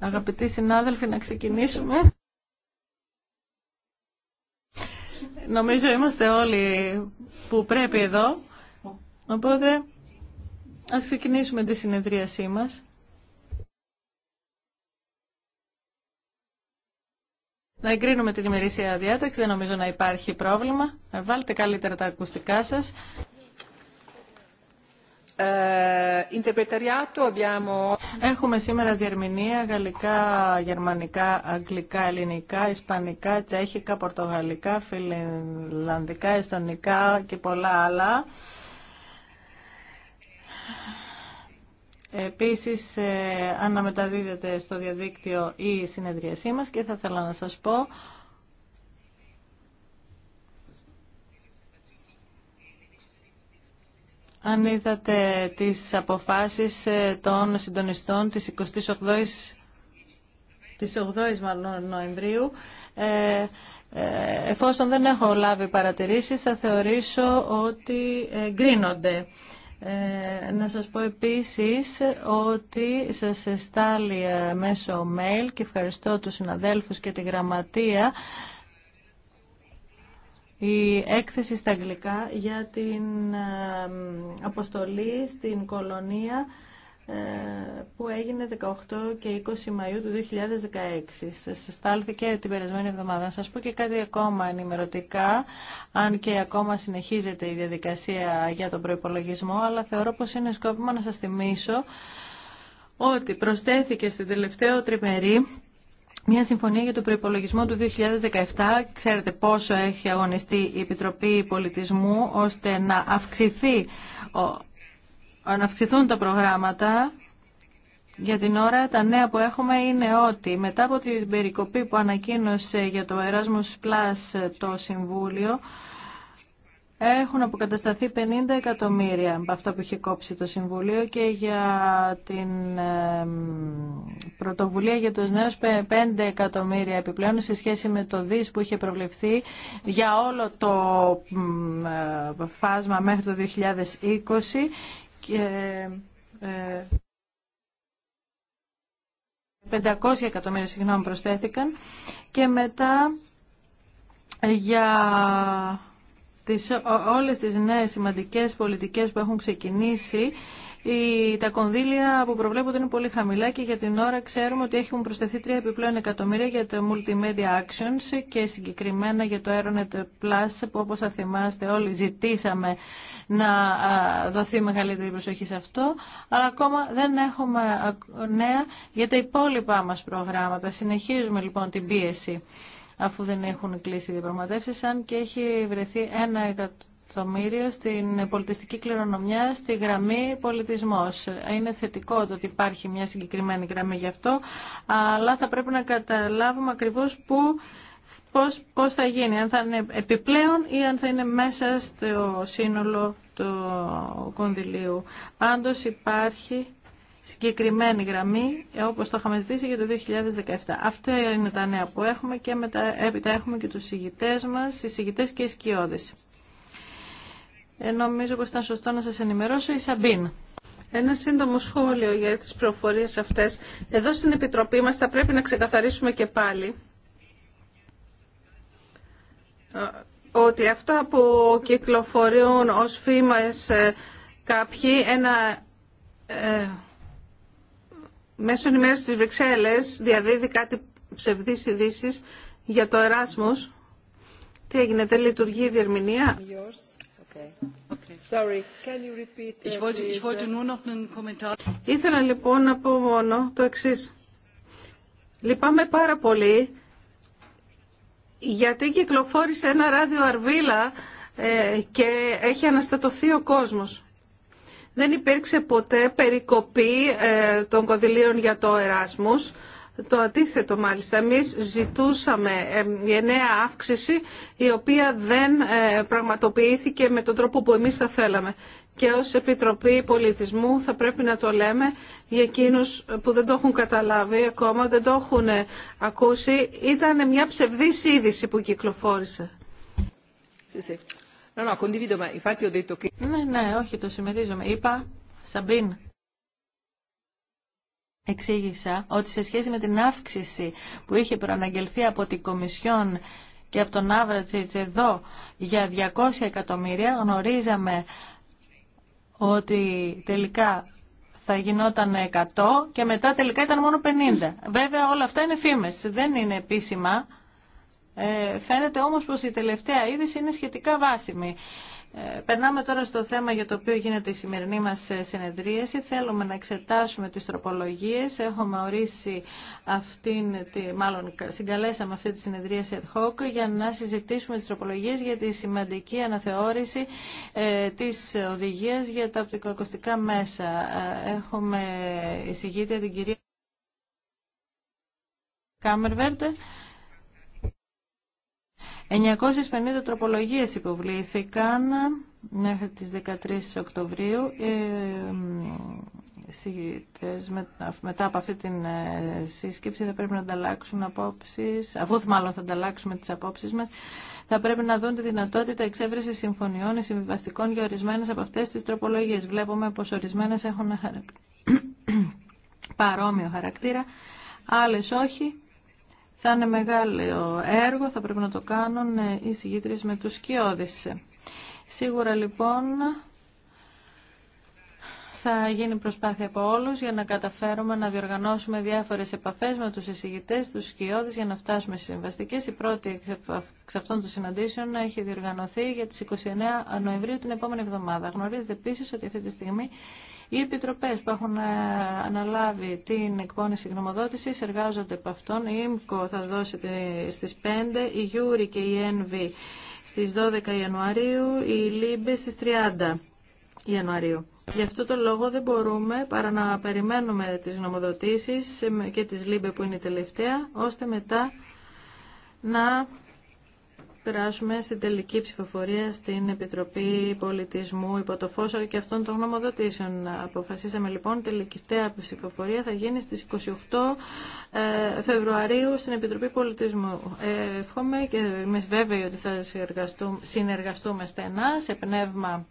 Αγαπητοί συνάδελφοι, να ξεκινήσουμε. Νομίζω είμαστε όλοι που πρέπει εδώ. Οπότε, ας ξεκινήσουμε τη συνεδρίασή μας. να εγκρίνουμε την ημερήσια διάταξη. Δεν νομίζω να υπάρχει πρόβλημα. Βάλτε καλύτερα τα ακουστικά σας. Ε, Έχουμε σήμερα διερμηνία γαλλικά, γερμανικά, αγγλικά, ελληνικά, ισπανικά, τσέχικα, πορτογαλικά, φιλανδικά, εστονικά και πολλά άλλα. Επίσης ε, αναμεταδίδεται στο διαδίκτυο η συνεδρίασή μας και θα ήθελα να σας πω αν είδατε τις αποφάσεις ε, των συντονιστών της 28ης 8ης Νοεμβρίου ε, ε, εφόσον δεν έχω λάβει παρατηρήσεις θα θεωρήσω ότι γκρίνονται. Ε, να σας πω επίσης ότι σας εστάλει ε, μέσω mail και ευχαριστώ τους συναδέλφους και τη γραμματεία η έκθεση στα αγγλικά για την ε, αποστολή στην κολονία ε, που έγινε 18 και 20 Μαΐου του 2016. Σας στάλθηκε την περασμένη εβδομάδα. Να σας πω και κάτι ακόμα ενημερωτικά, αν και ακόμα συνεχίζεται η διαδικασία για τον προϋπολογισμό, αλλά θεωρώ πως είναι σκόπιμο να σας θυμίσω ότι προσθέθηκε στην τελευταίο τριμερή μια συμφωνία για τον προπολογισμό του 2017. Ξέρετε πόσο έχει αγωνιστεί η Επιτροπή Πολιτισμού ώστε να αυξηθεί Αναυξηθούν τα προγράμματα. Για την ώρα τα νέα που έχουμε είναι ότι μετά από την περικοπή που ανακοίνωσε για το Erasmus Plus το Συμβούλιο έχουν αποκατασταθεί 50 εκατομμύρια από αυτά που είχε κόψει το Συμβουλίο και για την πρωτοβουλία για τους νέους 5 εκατομμύρια επιπλέον σε σχέση με το ΔΙΣ που είχε προβλεφθεί για όλο το φάσμα μέχρι το 2020 και 500 ε, εκατομμύρια συγγνώμη προσθέθηκαν και μετά ε, για τις, όλες τις νέες σημαντικές πολιτικές που έχουν ξεκινήσει η, τα κονδύλια που προβλέπονται είναι πολύ χαμηλά και για την ώρα ξέρουμε ότι έχουν προσθεθεί τρία επιπλέον εκατομμύρια για το Multimedia Actions και συγκεκριμένα για το Aeronet Plus που όπως θα θυμάστε όλοι ζητήσαμε να δοθεί μεγαλύτερη προσοχή σε αυτό αλλά ακόμα δεν έχουμε νέα για τα υπόλοιπά μας προγράμματα. Συνεχίζουμε λοιπόν την πίεση αφού δεν έχουν κλείσει οι διαπραγματεύσει, αν και έχει βρεθεί ένα εκατομμύριο στην πολιτιστική κληρονομιά στη γραμμή πολιτισμός. Είναι θετικό ότι υπάρχει μια συγκεκριμένη γραμμή γι' αυτό, αλλά θα πρέπει να καταλάβουμε ακριβώς πού πώς, πώς θα γίνει, αν θα είναι επιπλέον ή αν θα είναι μέσα στο σύνολο του κονδυλίου. Πάντως υπάρχει συγκεκριμένη γραμμή, όπως το είχαμε ζητήσει για το 2017. Αυτά είναι τα νέα που έχουμε και μετά, έπειτα έχουμε και τους συγητές μας, οι συγητές και οι σκιώδες. Ε, νομίζω πως ήταν σωστό να σας ενημερώσω η Σαμπίν. Ένα σύντομο σχόλιο για τις προφορίες αυτές. Εδώ στην Επιτροπή μας θα πρέπει να ξεκαθαρίσουμε και πάλι ε, ότι αυτά που κυκλοφορούν ως φήμες ε, κάποιοι ένα ε, μέσω ενημέρωσης της Βρυξέλλες διαδίδει κάτι ψευδείς ειδήσει για το εράσμος. Τι έγινε, δεν λειτουργεί η διερμηνία. Ήθελα λοιπόν να πω μόνο το εξή. Λυπάμαι πάρα πολύ γιατί κυκλοφόρησε ένα ράδιο αρβίλα ε, και έχει αναστατωθεί ο κόσμος. Δεν υπήρξε ποτέ περικοπή ε, των κονδυλίων για το Εράσμους το αντίθετο μάλιστα. Εμείς ζητούσαμε νέα αύξηση η οποία δεν ε, πραγματοποιήθηκε με τον τρόπο που εμείς θα θέλαμε. Και ως Επιτροπή Πολιτισμού θα πρέπει να το λέμε για εκείνους που δεν το έχουν καταλάβει ακόμα, δεν το έχουν ε, ακούσει. Ήταν μια ψευδής είδηση που κυκλοφόρησε. Ναι, ναι, όχι, το συμμερίζομαι. Είπα, Σαμπίν, εξήγησα ότι σε σχέση με την αύξηση που είχε προαναγγελθεί από την Κομισιόν και από τον Άβρατσιτς εδώ για 200 εκατομμύρια γνωρίζαμε ότι τελικά θα γινόταν 100 και μετά τελικά ήταν μόνο 50. Βέβαια όλα αυτά είναι φήμες, δεν είναι επίσημα. Ε, φαίνεται όμως πως η τελευταία είδηση είναι σχετικά βάσιμη. Ε, περνάμε τώρα στο θέμα για το οποίο γίνεται η σημερινή μας ε, συνεδρίαση. Θέλουμε να εξετάσουμε τις τροπολογίες. Έχουμε ορίσει αυτήν, τη, μάλλον συγκαλέσαμε αυτή τη συνεδρίαση ad hoc για να συζητήσουμε τις τροπολογίες για τη σημαντική αναθεώρηση ε, της οδηγίας για τα οπτικοακουστικά μέσα. Έχουμε εισηγήτρια την κυρία Κάμερβέρτε. 950 τροπολογίες υποβλήθηκαν μέχρι τις 13 Οκτωβρίου. Ε, μετά από αυτή την ε, σύσκεψη θα πρέπει να ανταλλάξουν απόψεις, αφού μάλλον θα ανταλλάξουμε τις απόψεις μας, θα πρέπει να δουν τη δυνατότητα εξέβρεση συμφωνιών ή συμβιβαστικών για ορισμένες από αυτές τις τροπολογίες. Βλέπουμε πως ορισμένες έχουν παρόμοιο χαρακτήρα, άλλες όχι θα είναι μεγάλο έργο, θα πρέπει να το κάνουν ε, οι συγγητρές με τους σκιώδεις. Σίγουρα λοιπόν θα γίνει προσπάθεια από όλους για να καταφέρουμε να διοργανώσουμε διάφορες επαφές με τους εισηγητές, τους σκιώδες για να φτάσουμε στις συμβαστικές. Η πρώτη εξ αυτών των συναντήσεων έχει διοργανωθεί για τις 29 Νοεμβρίου την επόμενη εβδομάδα. Γνωρίζετε επίσης ότι αυτή τη στιγμή οι επιτροπές που έχουν ε, αναλάβει την εκπόνηση γνωμοδότηση. εργάζονται από αυτόν. Η ΙΜΚΟ θα δώσει στις 5, η Γιούρη και η ΕΝΒΙ στις 12 Ιανουαρίου, η ΛΥΜΠΕ στις 30 Ιανουαρίου. Γι' αυτό το λόγο δεν μπορούμε παρά να περιμένουμε τις νομοδοτήσεις και τις ΛΥΜΠΕ που είναι η τελευταία, ώστε μετά να Περάσουμε στην τελική ψηφοφορία στην Επιτροπή Πολιτισμού υπό το φως και αυτών των γνωμοδοτήσεων. Αποφασίσαμε λοιπόν η τελική ψηφοφορία θα γίνει στις 28 ε, Φεβρουαρίου στην Επιτροπή Πολιτισμού. Εύχομαι και είμαι βέβαιη ότι θα συνεργαστούμε στενά σε πνεύμα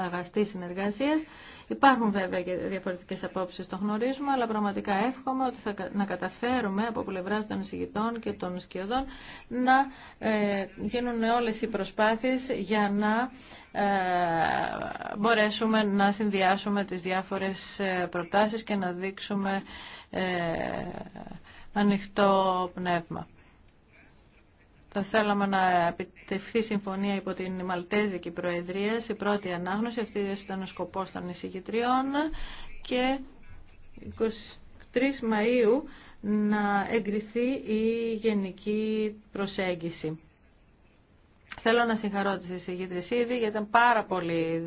Αγαστή συνεργασίας. Υπάρχουν βέβαια και διαφορετικές απόψεις, το γνωρίζουμε, αλλά πραγματικά εύχομαι ότι θα να καταφέρουμε από πλευρά των εισηγητών και των σκιωδών να ε, γίνουν όλες οι προσπάθειες για να ε, μπορέσουμε να συνδυάσουμε τις διάφορες ε, προτάσεις και να δείξουμε ανοιχτό πνεύμα. Θα θέλαμε να επιτευχθεί συμφωνία υπό την Μαλτέζικη Προεδρία σε πρώτη ανάγνωση. Αυτή ήταν ο σκοπό των εισηγητριών και 23 Μαΐου να εγκριθεί η γενική προσέγγιση. Θέλω να συγχαρώ τις εισηγήτρες ήδη γιατί ήταν πάρα πολύ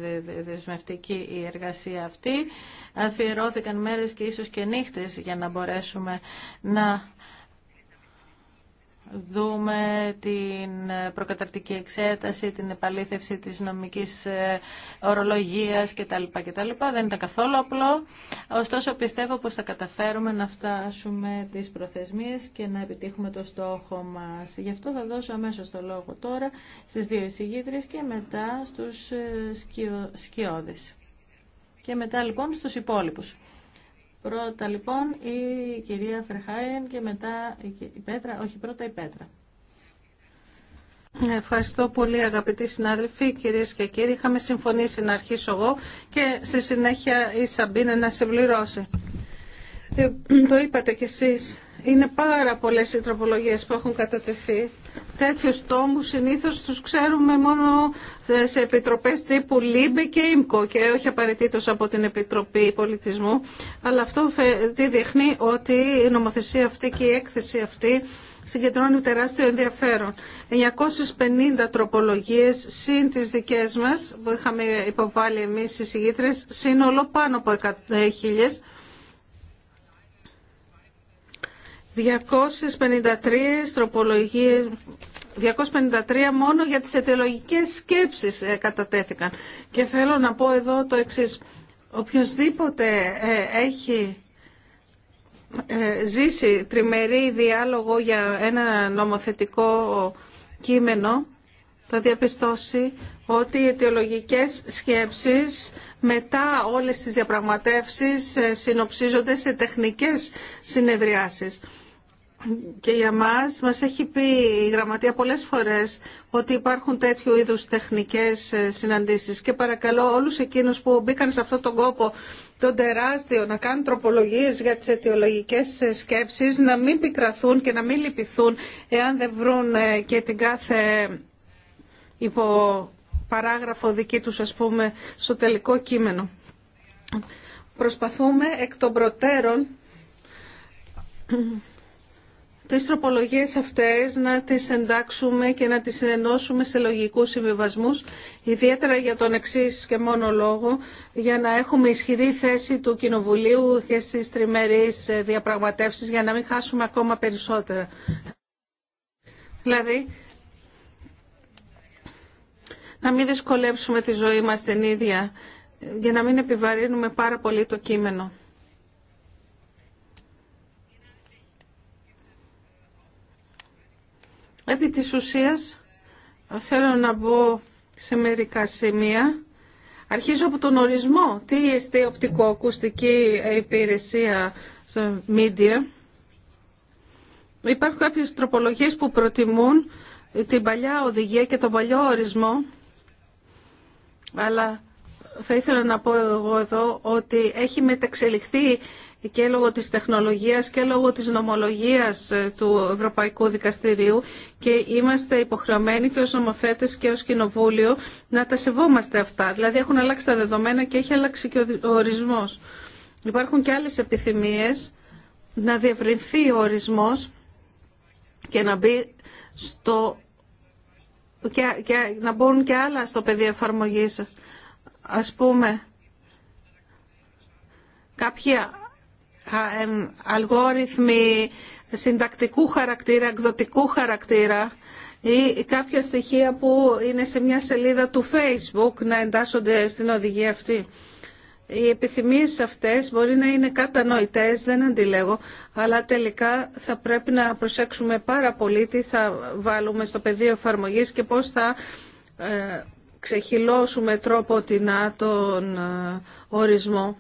δεσμευτική η εργασία αυτή. Αφιερώθηκαν μέρες και ίσως και νύχτες για να μπορέσουμε να δούμε την προκαταρτική εξέταση, την επαλήθευση της νομικής ε, ορολογίας κτλ. κτλ. Δεν ήταν καθόλου απλό, ωστόσο πιστεύω πως θα καταφέρουμε να φτάσουμε τις προθεσμίες και να επιτύχουμε το στόχο μας. Γι' αυτό θα δώσω αμέσω το λόγο τώρα στις δύο εισηγήτρες και μετά στους ε, σκιώδες. Και μετά λοιπόν στους υπόλοιπους. Πρώτα λοιπόν η κυρία Φερχάιεν και μετά η Πέτρα, όχι πρώτα η Πέτρα. Ευχαριστώ πολύ αγαπητοί συνάδελφοι, κυρίες και κύριοι. Είχαμε συμφωνήσει να αρχίσω εγώ και στη συνέχεια η Σαμπίνε να συμπληρώσει. Ε, το είπατε κι εσείς είναι πάρα πολλές οι τροπολογίε που έχουν κατατεθεί. Τέτοιου τόμους συνήθω τους ξέρουμε μόνο σε επιτροπέ τύπου ΛΥΜΠΕ και ΙΜΚΟ και όχι απαραίτητο από την Επιτροπή Πολιτισμού. Αλλά αυτό δείχνει ότι η νομοθεσία αυτή και η έκθεση αυτή συγκεντρώνει τεράστιο ενδιαφέρον. 950 τροπολογίες συν τις δικές μας που είχαμε υποβάλει εμείς οι συγγήτρες, σύνολο πάνω από 100.000 253 τροπολογίες 253 μόνο για τις αιτιολογικές σκέψεις ε, κατατέθηκαν. Και θέλω να πω εδώ το εξής. Οποιοςδήποτε ε, έχει ε, ζήσει τριμερή διάλογο για ένα νομοθετικό κείμενο θα διαπιστώσει ότι οι αιτιολογικές σκέψεις μετά όλες τις διαπραγματεύσεις συνοψίζονται σε τεχνικές συνεδριάσεις και για μας μας έχει πει η Γραμματεία πολλές φορές ότι υπάρχουν τέτοιου είδους τεχνικές ε, συναντήσεις και παρακαλώ όλους εκείνους που μπήκαν σε αυτόν τον κόπο τον τεράστιο να κάνουν τροπολογίες για τις αιτιολογικές ε, σκέψεις να μην πικραθούν και να μην λυπηθούν εάν δεν βρουν ε, και την κάθε υπό παράγραφο δική τους ας πούμε στο τελικό κείμενο. Προσπαθούμε εκ των προτέρων τις τροπολογίες αυτές να τις εντάξουμε και να τις συνενώσουμε σε λογικούς συμβιβασμούς, ιδιαίτερα για τον εξή και μόνο λόγο, για να έχουμε ισχυρή θέση του Κοινοβουλίου και στις τριμερείς ε, διαπραγματεύσεις, για να μην χάσουμε ακόμα περισσότερα. Δηλαδή, να μην δυσκολέψουμε τη ζωή μας την ίδια, ε, για να μην επιβαρύνουμε πάρα πολύ το κείμενο. Επί της ουσίας θέλω να μπω σε μερικά σημεία. Αρχίζω από τον ορισμό. Τι είστε οπτικοακουστική υπηρεσία στο media. Υπάρχουν κάποιες τροπολογίες που προτιμούν την παλιά οδηγία και τον παλιό ορισμό. Αλλά θα ήθελα να πω εγώ εδώ ότι έχει μεταξελιχθεί και λόγω της τεχνολογίας και λόγω της νομολογίας ε, του Ευρωπαϊκού Δικαστηρίου και είμαστε υποχρεωμένοι και ως νομοθέτες και ως κοινοβούλιο να τα σεβόμαστε αυτά. Δηλαδή έχουν αλλάξει τα δεδομένα και έχει αλλάξει και ο ορισμός. Υπάρχουν και άλλες επιθυμίες να διευρυνθεί ο ορισμός και να μπει στο... Και, να μπουν και άλλα στο πεδίο εφαρμογής. Ας πούμε, κάποια αλγόριθμοι συντακτικού χαρακτήρα, εκδοτικού χαρακτήρα ή κάποια στοιχεία που είναι σε μια σελίδα του Facebook να εντάσσονται στην οδηγία αυτή. Οι επιθυμίες αυτές μπορεί να είναι κατανοητές, δεν αντιλέγω, αλλά τελικά θα πρέπει να προσέξουμε πάρα πολύ τι θα βάλουμε στο πεδίο εφαρμογής και πώς θα ε, ξεχυλώσουμε τρόπο την τον ε, ορισμό.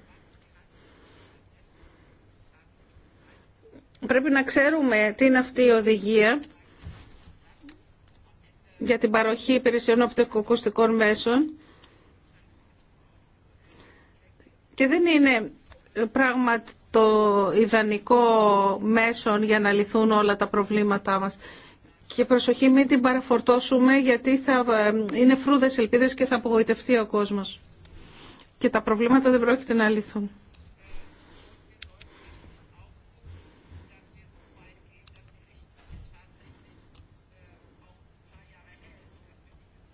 Πρέπει να ξέρουμε τι είναι αυτή η οδηγία για την παροχή υπηρεσιών οπτικοκουστικών μέσων και δεν είναι πράγμα το ιδανικό μέσον για να λυθούν όλα τα προβλήματά μας. Και προσοχή μην την παραφορτώσουμε γιατί θα ε, είναι φρούδες ελπίδες και θα απογοητευτεί ο κόσμος. Και τα προβλήματα δεν πρόκειται να λυθούν.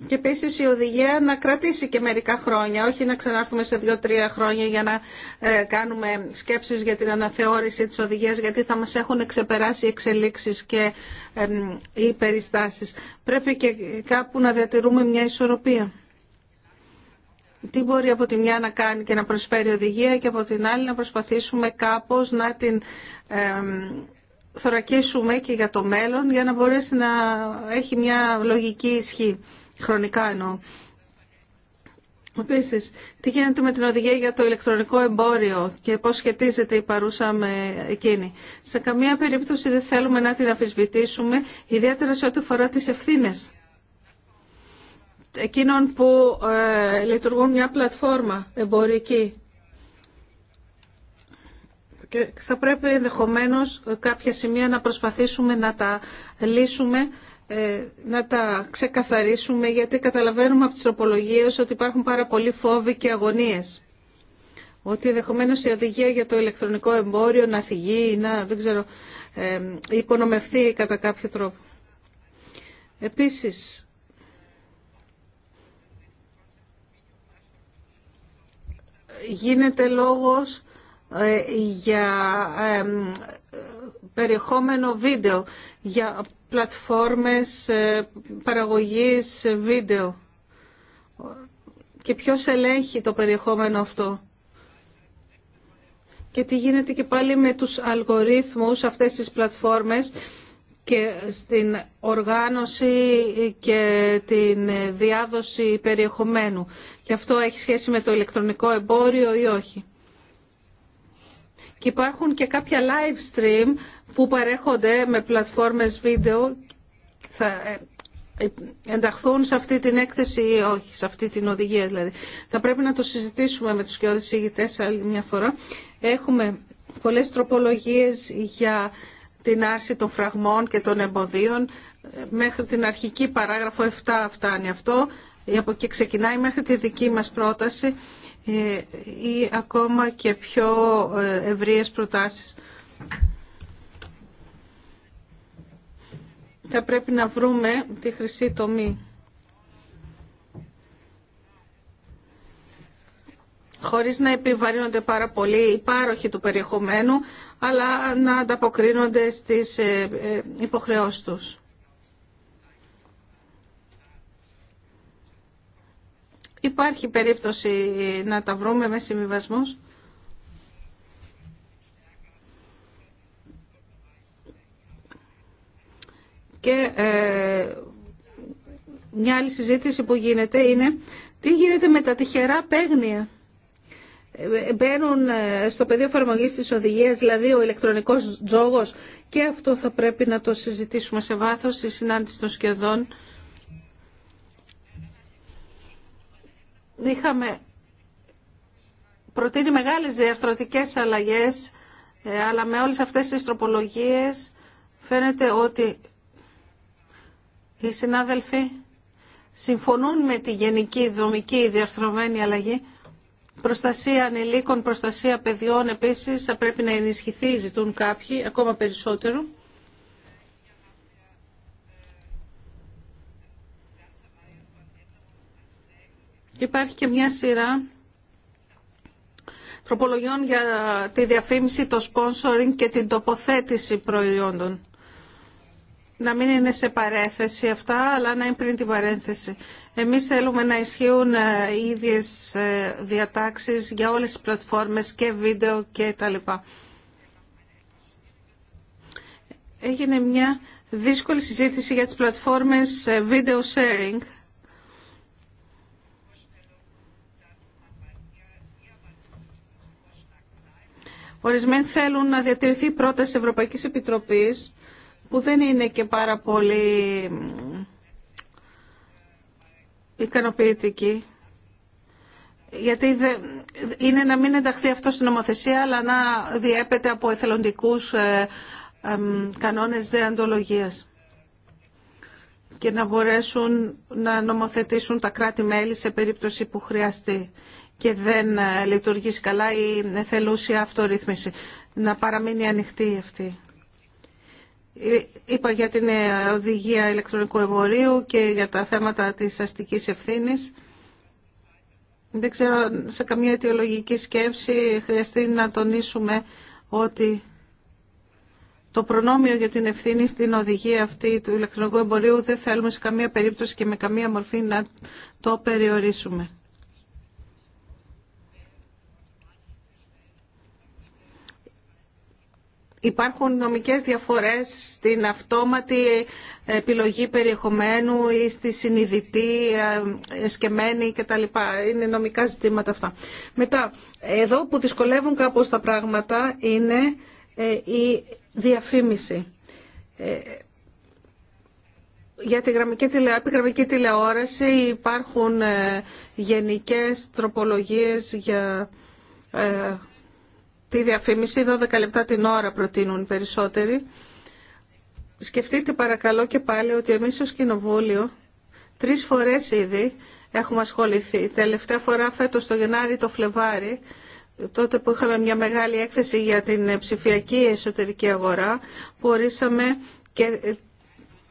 Και επίση η οδηγία να κρατήσει και μερικά χρόνια, όχι να ξανάρθουμε σε δύο-τρία χρόνια για να ε, κάνουμε σκέψεις για την αναθεώρηση της οδηγίας, γιατί θα μας έχουν ξεπεράσει οι εξελίξεις και οι περιστάσεις. Πρέπει και κάπου να διατηρούμε μια ισορροπία. Τι μπορεί από τη μια να κάνει και να προσφέρει οδηγία και από την άλλη να προσπαθήσουμε κάπως να την θωρακίσουμε και για το μέλλον για να μπορέσει να έχει μια λογική ισχύ χρονικά εννοώ. Επίση, τι γίνεται με την οδηγία για το ηλεκτρονικό εμπόριο και πώ σχετίζεται η παρούσα με εκείνη. Σε καμία περίπτωση δεν θέλουμε να την αφισβητήσουμε, ιδιαίτερα σε ό,τι αφορά τι ευθύνε εκείνων που ε, λειτουργούν μια πλατφόρμα εμπορική. Και θα πρέπει ενδεχομένω κάποια σημεία να προσπαθήσουμε να τα λύσουμε ε, να τα ξεκαθαρίσουμε γιατί καταλαβαίνουμε από τις τροπολογίες ότι υπάρχουν πάρα πολλοί φόβοι και αγωνίες. Ότι ενδεχομένω η οδηγία για το ηλεκτρονικό εμπόριο να θυγεί ή να δεν ξέρω, ε, υπονομευθεί κατά κάποιο τρόπο. Επίσης, γίνεται λόγος ε, για ε, περιεχόμενο βίντεο, για πλατφόρμες ε, παραγωγής ε, βίντεο και ποιος ελέγχει το περιεχόμενο αυτό. Και τι γίνεται και πάλι με τους αλγορίθμους αυτές τις πλατφόρμες και στην οργάνωση και την διάδοση περιεχομένου. Και αυτό έχει σχέση με το ηλεκτρονικό εμπόριο ή όχι. Και υπάρχουν και κάποια live stream που παρέχονται με πλατφόρμες βίντεο θα ε, ε, ενταχθούν σε αυτή την έκθεση ή όχι, σε αυτή την οδηγία δηλαδή. Θα πρέπει να το συζητήσουμε με τους κοιόδες ηγητές άλλη μια φορά. Έχουμε πολλές τροπολογίες για την άρση των φραγμών και των εμποδίων. Μέχρι την αρχική παράγραφο 7 φτάνει αυτό. Από εκεί ξεκινάει μέχρι τη δική μας πρόταση ε, ή ακόμα και πιο ευρείες προτάσεις. θα πρέπει να βρούμε τη χρυσή τομή. χωρίς να επιβαρύνονται πάρα πολύ οι πάροχοι του περιεχομένου, αλλά να ανταποκρίνονται στις ε, ε, υποχρεώσεις τους. Υπάρχει περίπτωση να τα βρούμε με συμβιβασμούς. Και ε, μια άλλη συζήτηση που γίνεται είναι τι γίνεται με τα τυχερά παίγνια. Ε, μπαίνουν ε, στο πεδίο εφαρμογή τη οδηγία, δηλαδή ο ηλεκτρονικό τζόγο, και αυτό θα πρέπει να το συζητήσουμε σε βάθο στη συνάντηση των σχεδόν. Είχαμε προτείνει μεγάλες διαρθρωτικές αλλαγές, αλλά με όλες αυτές τις τροπολογίες φαίνεται ότι οι συνάδελφοι συμφωνούν με τη γενική δομική διαρθρωμένη αλλαγή. Προστασία ανηλίκων, προστασία παιδιών επίσης θα πρέπει να ενισχυθεί, ζητούν κάποιοι, ακόμα περισσότερο. Και υπάρχει και μια σειρά τροπολογιών για τη διαφήμιση, το sponsoring και την τοποθέτηση προϊόντων να μην είναι σε παρέθεση αυτά, αλλά να είναι πριν την παρένθεση. Εμείς θέλουμε να ισχύουν ε, οι ίδιες ε, διατάξεις για όλες τις πλατφόρμες και βίντεο και τα λοιπά. Έγινε μια δύσκολη συζήτηση για τις πλατφόρμες ε, video sharing. Ορισμένοι θέλουν να διατηρηθεί η πρόταση Ευρωπαϊκής Επιτροπής που δεν είναι και πάρα πολύ ικανοποιητική. Γιατί είναι να μην ενταχθεί αυτό στην νομοθεσία, αλλά να διέπεται από εθελοντικούς ε, κανόνες δεαντολογίας και να μπορέσουν να νομοθετήσουν τα κράτη-μέλη σε περίπτωση που χρειαστεί και δεν ε, λειτουργήσει καλά η εθελούσια αυτορύθμιση. Να παραμείνει ανοιχτή αυτή. Είπα για την ε, οδηγία ηλεκτρονικού εμπορίου και για τα θέματα της αστικής ευθύνης. Δεν ξέρω, σε καμία αιτιολογική σκέψη χρειαστεί να τονίσουμε ότι το προνόμιο για την ευθύνη στην οδηγία αυτή του ηλεκτρονικού εμπορίου δεν θέλουμε σε καμία περίπτωση και με καμία μορφή να το περιορίσουμε. υπάρχουν νομικές διαφορές στην αυτόματη επιλογή περιεχομένου ή στη συνειδητή, ε, εσκεμμένη κτλ. Είναι νομικά ζητήματα αυτά. Μετά, εδώ που δυσκολεύουν κάπως τα πράγματα είναι ε, η διαφήμιση. Ε, για τη γραμμική, επιγραμμική τηλεόραση υπάρχουν γενικές τροπολογίες για η διαφήμιση, 12 λεπτά την ώρα προτείνουν οι περισσότεροι. Σκεφτείτε παρακαλώ και πάλι ότι εμείς ως Κοινοβούλιο τρεις φορές ήδη έχουμε ασχοληθεί. Τελευταία φορά φέτος το Γενάρη το Φλεβάρι, τότε που είχαμε μια μεγάλη έκθεση για την ψηφιακή εσωτερική αγορά, που ορίσαμε και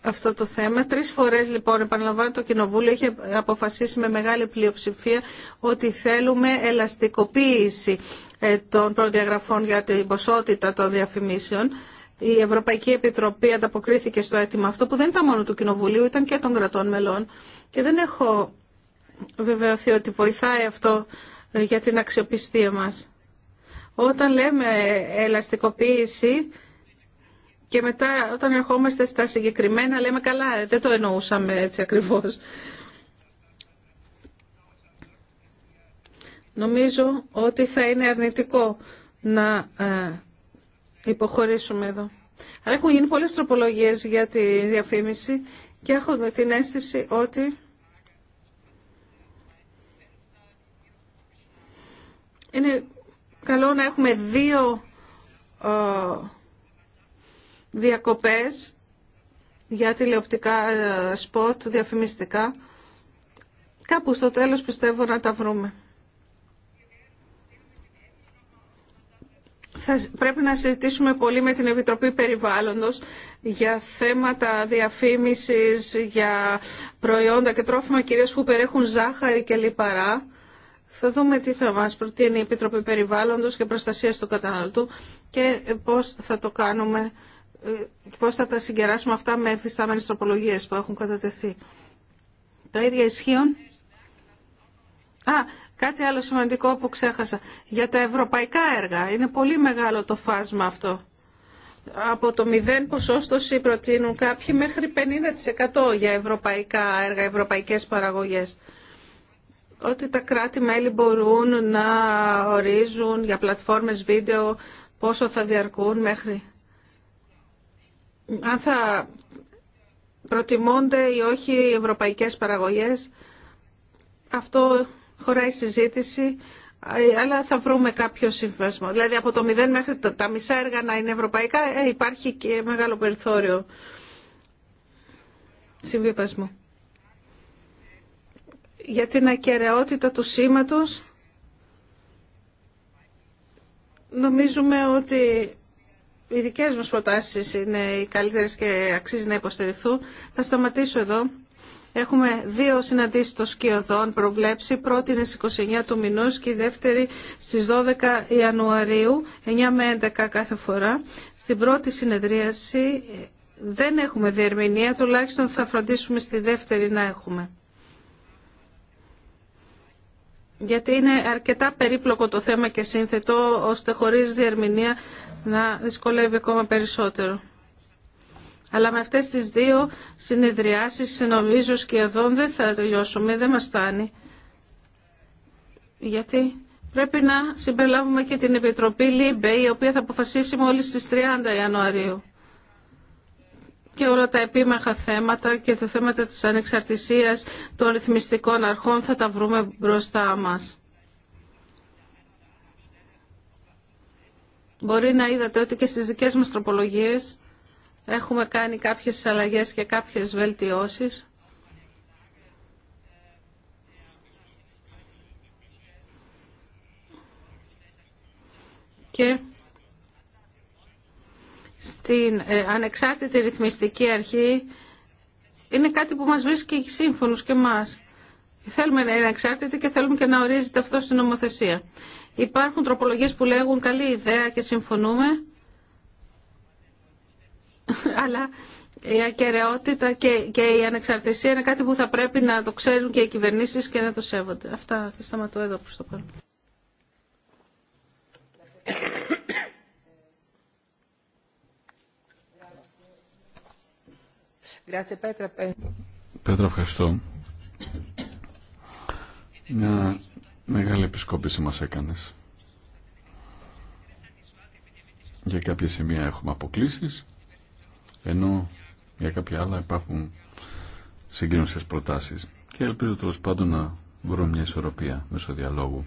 αυτό το θέμα. Τρεις φορές λοιπόν, επαναλαμβάνω, το Κοινοβούλιο έχει αποφασίσει με μεγάλη πλειοψηφία ότι θέλουμε ελαστικοποίηση ε, των προδιαγραφών για την ποσότητα των διαφημίσεων. Η Ευρωπαϊκή Επιτροπή ανταποκρίθηκε στο αίτημα αυτό που δεν ήταν μόνο του Κοινοβουλίου, ήταν και των κρατών μελών. Και δεν έχω βεβαιωθεί ότι βοηθάει αυτό ε, για την αξιοπιστία μας. Όταν λέμε ελαστικοποίηση και μετά όταν ερχόμαστε στα συγκεκριμένα λέμε καλά, ε, δεν το εννοούσαμε έτσι ακριβώς. Νομίζω ότι θα είναι αρνητικό να ε, υποχωρήσουμε εδώ. Αλλά έχουν γίνει πολλές τροπολογίες για τη διαφήμιση και έχω την αίσθηση ότι είναι καλό να έχουμε δύο ε, διακοπές για τηλεοπτικά ε, σποτ, διαφημιστικά. Κάπου στο τέλος πιστεύω να τα βρούμε. θα πρέπει να συζητήσουμε πολύ με την Επιτροπή Περιβάλλοντος για θέματα διαφήμισης, για προϊόντα και τρόφιμα κυρίως που περιέχουν ζάχαρη και λιπαρά. Θα δούμε τι θα μας προτείνει η Επιτροπή Περιβάλλοντος και προστασία του Καταναλωτού και πώς θα το κάνουμε, ε, πώς θα τα συγκεράσουμε αυτά με εμφιστάμενες τροπολογίες που έχουν κατατεθεί. Τα ίδια ισχύουν. Α, Κάτι άλλο σημαντικό που ξέχασα. Για τα ευρωπαϊκά έργα. Είναι πολύ μεγάλο το φάσμα αυτό. Από το μηδέν ποσόστοση προτείνουν κάποιοι μέχρι 50% για ευρωπαϊκά έργα, ευρωπαϊκές παραγωγές. Ότι τα κράτη-μέλη μπορούν να ορίζουν για πλατφόρμες βίντεο πόσο θα διαρκούν μέχρι. Αν θα προτιμώνται ή όχι οι ευρωπαϊκές παραγωγές, αυτό χωράει συζήτηση, ε, αλλά θα βρούμε κάποιο συμβασμό. Δηλαδή από το 0 μέχρι τα μισά έργα να είναι ευρωπαϊκά ε, υπάρχει και μεγάλο περιθώριο συμβιβασμού. Για την ακαιρεότητα του σήματος νομίζουμε ότι οι δικές μας προτάσεις είναι οι καλύτερες και αξίζει να υποστηριχθούν. Θα σταματήσω εδώ. Έχουμε δύο συναντήσεις των σκιωδών προβλέψει. Πρώτη είναι στις 29 του μηνός και η δεύτερη στις 12 Ιανουαρίου, 9 με 11 κάθε φορά. Στην πρώτη συνεδρίαση δεν έχουμε διερμηνία, τουλάχιστον θα φροντίσουμε στη δεύτερη να έχουμε. Γιατί είναι αρκετά περίπλοκο το θέμα και σύνθετο, ώστε χωρίς διερμηνία να δυσκολεύει ακόμα περισσότερο. Αλλά με αυτές τις δύο συνεδριάσεις νομίζω σχεδόν δεν θα τελειώσουμε, δεν μας φτάνει. Γιατί πρέπει να συμπεριλάβουμε και την Επιτροπή ΛΥΜΠΕ, η οποία θα αποφασίσει μόλις στις 30 Ιανουαρίου. Και όλα τα επίμαχα θέματα και τα θέματα της ανεξαρτησίας των ρυθμιστικών αρχών θα τα βρούμε μπροστά μας. Μπορεί να είδατε ότι και στις δικές μας τροπολογίες Έχουμε κάνει κάποιες αλλαγές και κάποιες βελτιώσεις. Και στην ε, ανεξάρτητη ρυθμιστική αρχή είναι κάτι που μας βρίσκει σύμφωνος και μας. Θέλουμε να είναι και θέλουμε και να ορίζεται αυτό στην νομοθεσία. Υπάρχουν τροπολογίες που λέγουν καλή ιδέα και συμφωνούμε αλλά η ακαιρεότητα και, και η ανεξαρτησία είναι κάτι που θα πρέπει να το ξέρουν και οι κυβερνήσεις και να το σέβονται. Αυτά και σταματώ εδώ προς το παρόν. Πέτρα, ευχαριστώ. Μια μεγάλη επισκόπηση μας έκανες. Για κάποια σημεία έχουμε αποκλήσεις ενώ για κάποια άλλα υπάρχουν συγκλίνωσες προτάσεις και ελπίζω τέλο πάντων να βρούμε μια ισορροπία μέσω διαλόγου.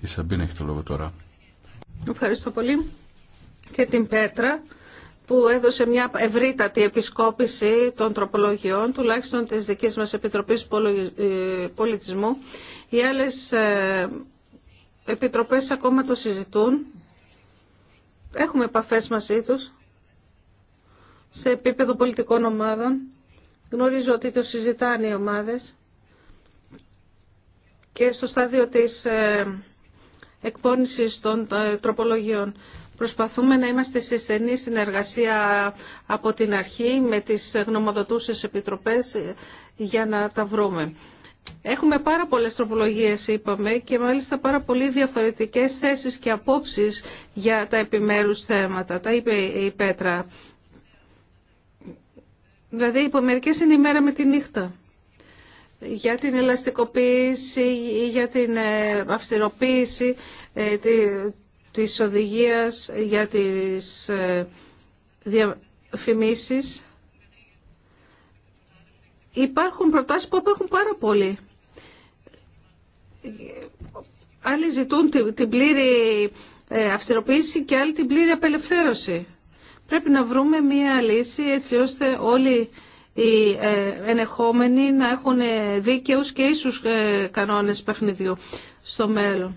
Η Σαμπίνα έχει το λόγο τώρα. Ευχαριστώ πολύ και την Πέτρα που έδωσε μια ευρύτατη επισκόπηση των τροπολογιών, τουλάχιστον της δικής μας Επιτροπής ε, Πολιτισμού. Οι άλλες ε, επιτροπές ακόμα το συζητούν. Έχουμε επαφές μαζί τους σε επίπεδο πολιτικών ομάδων. Γνωρίζω ότι το συζητάνε οι ομάδες και στο στάδιο της ε, εκπόνησης των ε, τροπολογιών. Προσπαθούμε να είμαστε σε στενή συνεργασία από την αρχή με τις γνωμοδοτούσες επιτροπές ε, για να τα βρούμε. Έχουμε πάρα πολλές τροπολογίες είπαμε και μάλιστα πάρα πολύ διαφορετικές θέσεις και απόψεις για τα επιμέρους θέματα. Τα είπε η Πέτρα Δηλαδή, μερικές είναι η μέρα με τη νύχτα. Για την ελαστικοποίηση ή για την ε, αυστηροποίηση ε, της οδηγίας για τις ε, διαφημίσεις. Υπάρχουν προτάσεις που απέχουν πάρα πολύ. Άλλοι ζητούν την πλήρη αυστηροποίηση και άλλοι την πλήρη απελευθέρωση. Πρέπει να βρούμε μία λύση έτσι ώστε όλοι οι ε, ενεχόμενοι να έχουν ε, δίκαιους και ίσους ε, κανόνες παιχνιδιού στο μέλλον.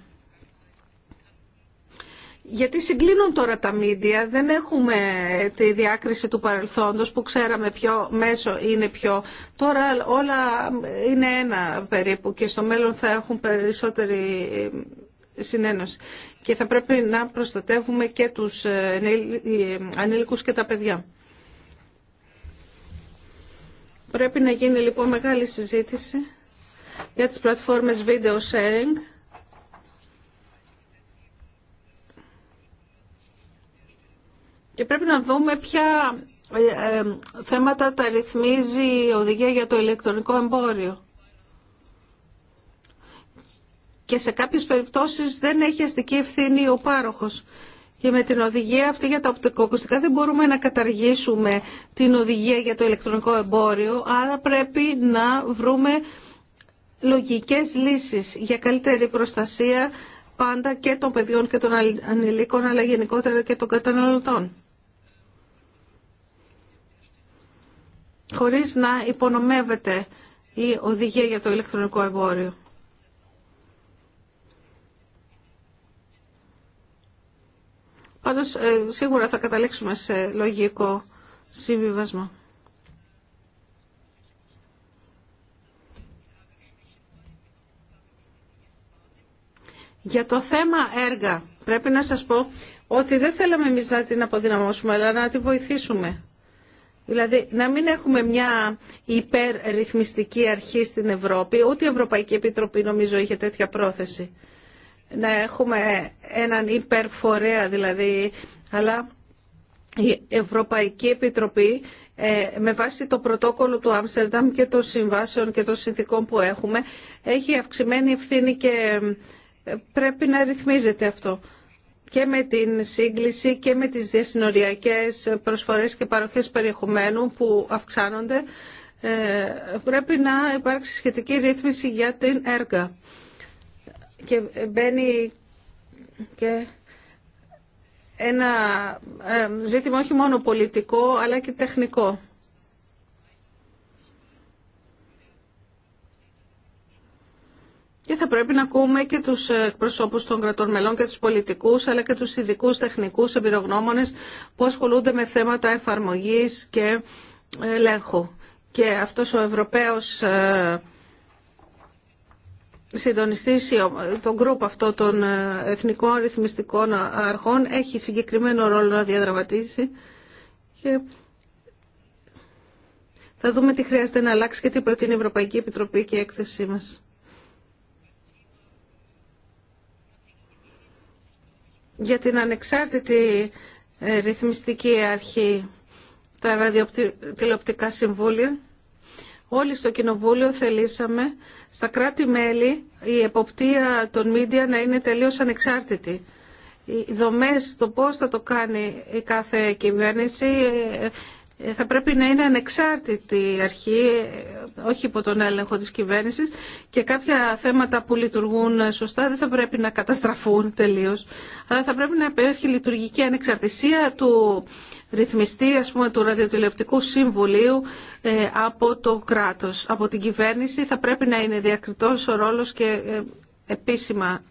Γιατί συγκλίνουν τώρα τα μίντια, δεν έχουμε τη διάκριση του παρελθόντος που ξέραμε ποιο μέσο είναι ποιο. Τώρα όλα είναι ένα περίπου και στο μέλλον θα έχουν περισσότερη συνένωση. Και θα πρέπει να προστατεύουμε και τους ε, ε, ανήλικους και τα παιδιά. Πρέπει να γίνει λοιπόν μεγάλη συζήτηση για τις πλατφόρμες video sharing. Και πρέπει να δούμε ποια ε, θέματα τα ρυθμίζει η οδηγία για το ηλεκτρονικό εμπόριο και σε κάποιες περιπτώσεις δεν έχει αστική ευθύνη ο πάροχος. Και με την οδηγία αυτή για τα οπτικοακουστικά δεν μπορούμε να καταργήσουμε την οδηγία για το ηλεκτρονικό εμπόριο, άρα πρέπει να βρούμε λογικές λύσεις για καλύτερη προστασία πάντα και των παιδιών και των ανηλίκων, αλλά γενικότερα και των καταναλωτών. Χωρίς να υπονομεύεται η οδηγία για το ηλεκτρονικό εμπόριο. Πάντως ε, σίγουρα θα καταλήξουμε σε λογικό συμβιβασμό. Για το θέμα έργα, πρέπει να σας πω ότι δεν θέλαμε εμείς να την αποδυναμώσουμε, αλλά να τη βοηθήσουμε. Δηλαδή, να μην έχουμε μια υπερρυθμιστική αρχή στην Ευρώπη, ούτε η Ευρωπαϊκή Επιτροπή νομίζω είχε τέτοια πρόθεση να έχουμε έναν υπερφορέα δηλαδή, αλλά η Ευρωπαϊκή Επιτροπή ε, με βάση το πρωτόκολλο του Άμστερνταμ και των συμβάσεων και των συνθήκων που έχουμε έχει αυξημένη ευθύνη και ε, πρέπει να ρυθμίζεται αυτό και με την σύγκληση και με τις διασυνοριακές προσφορές και παροχές περιεχομένου που αυξάνονται ε, πρέπει να υπάρξει σχετική ρύθμιση για την έργα και μπαίνει και ένα ε, ζήτημα όχι μόνο πολιτικό αλλά και τεχνικό. Και θα πρέπει να ακούμε και τους εκπροσώπους των κρατών μελών και τους πολιτικούς αλλά και τους ειδικού, τεχνικούς εμπειρογνώμονες που ασχολούνται με θέματα εφαρμογής και ελέγχου. Και αυτός ο Ευρωπαίος ε, συντονιστής το γκρουπ αυτό των ε, εθνικών ρυθμιστικών αρχών έχει συγκεκριμένο ρόλο να διαδραματίσει και θα δούμε τι χρειάζεται να αλλάξει και τι προτείνει η Ευρωπαϊκή Επιτροπή και η έκθεσή μας. Για την ανεξάρτητη ε, ρυθμιστική αρχή τα ραδιοτηλεοπτικά συμβούλια Όλοι στο Κοινοβούλιο θελήσαμε στα κράτη-μέλη η εποπτεία των μίντια να είναι τελείως ανεξάρτητη. Οι δομές, το πώς θα το κάνει η κάθε κυβέρνηση ε, ε, θα πρέπει να είναι ανεξάρτητη αρχή, ε, όχι υπό τον έλεγχο της κυβέρνησης και κάποια θέματα που λειτουργούν σωστά δεν θα πρέπει να καταστραφούν τελείως, αλλά θα πρέπει να υπάρχει λειτουργική ανεξαρτησία του ρυθμιστεί ας πούμε, του Ραδιοτηλεοπτικού Συμβουλίου ε, από το κράτος. Από την κυβέρνηση θα πρέπει να είναι διακριτός ο ρόλος και ε, επίσημα.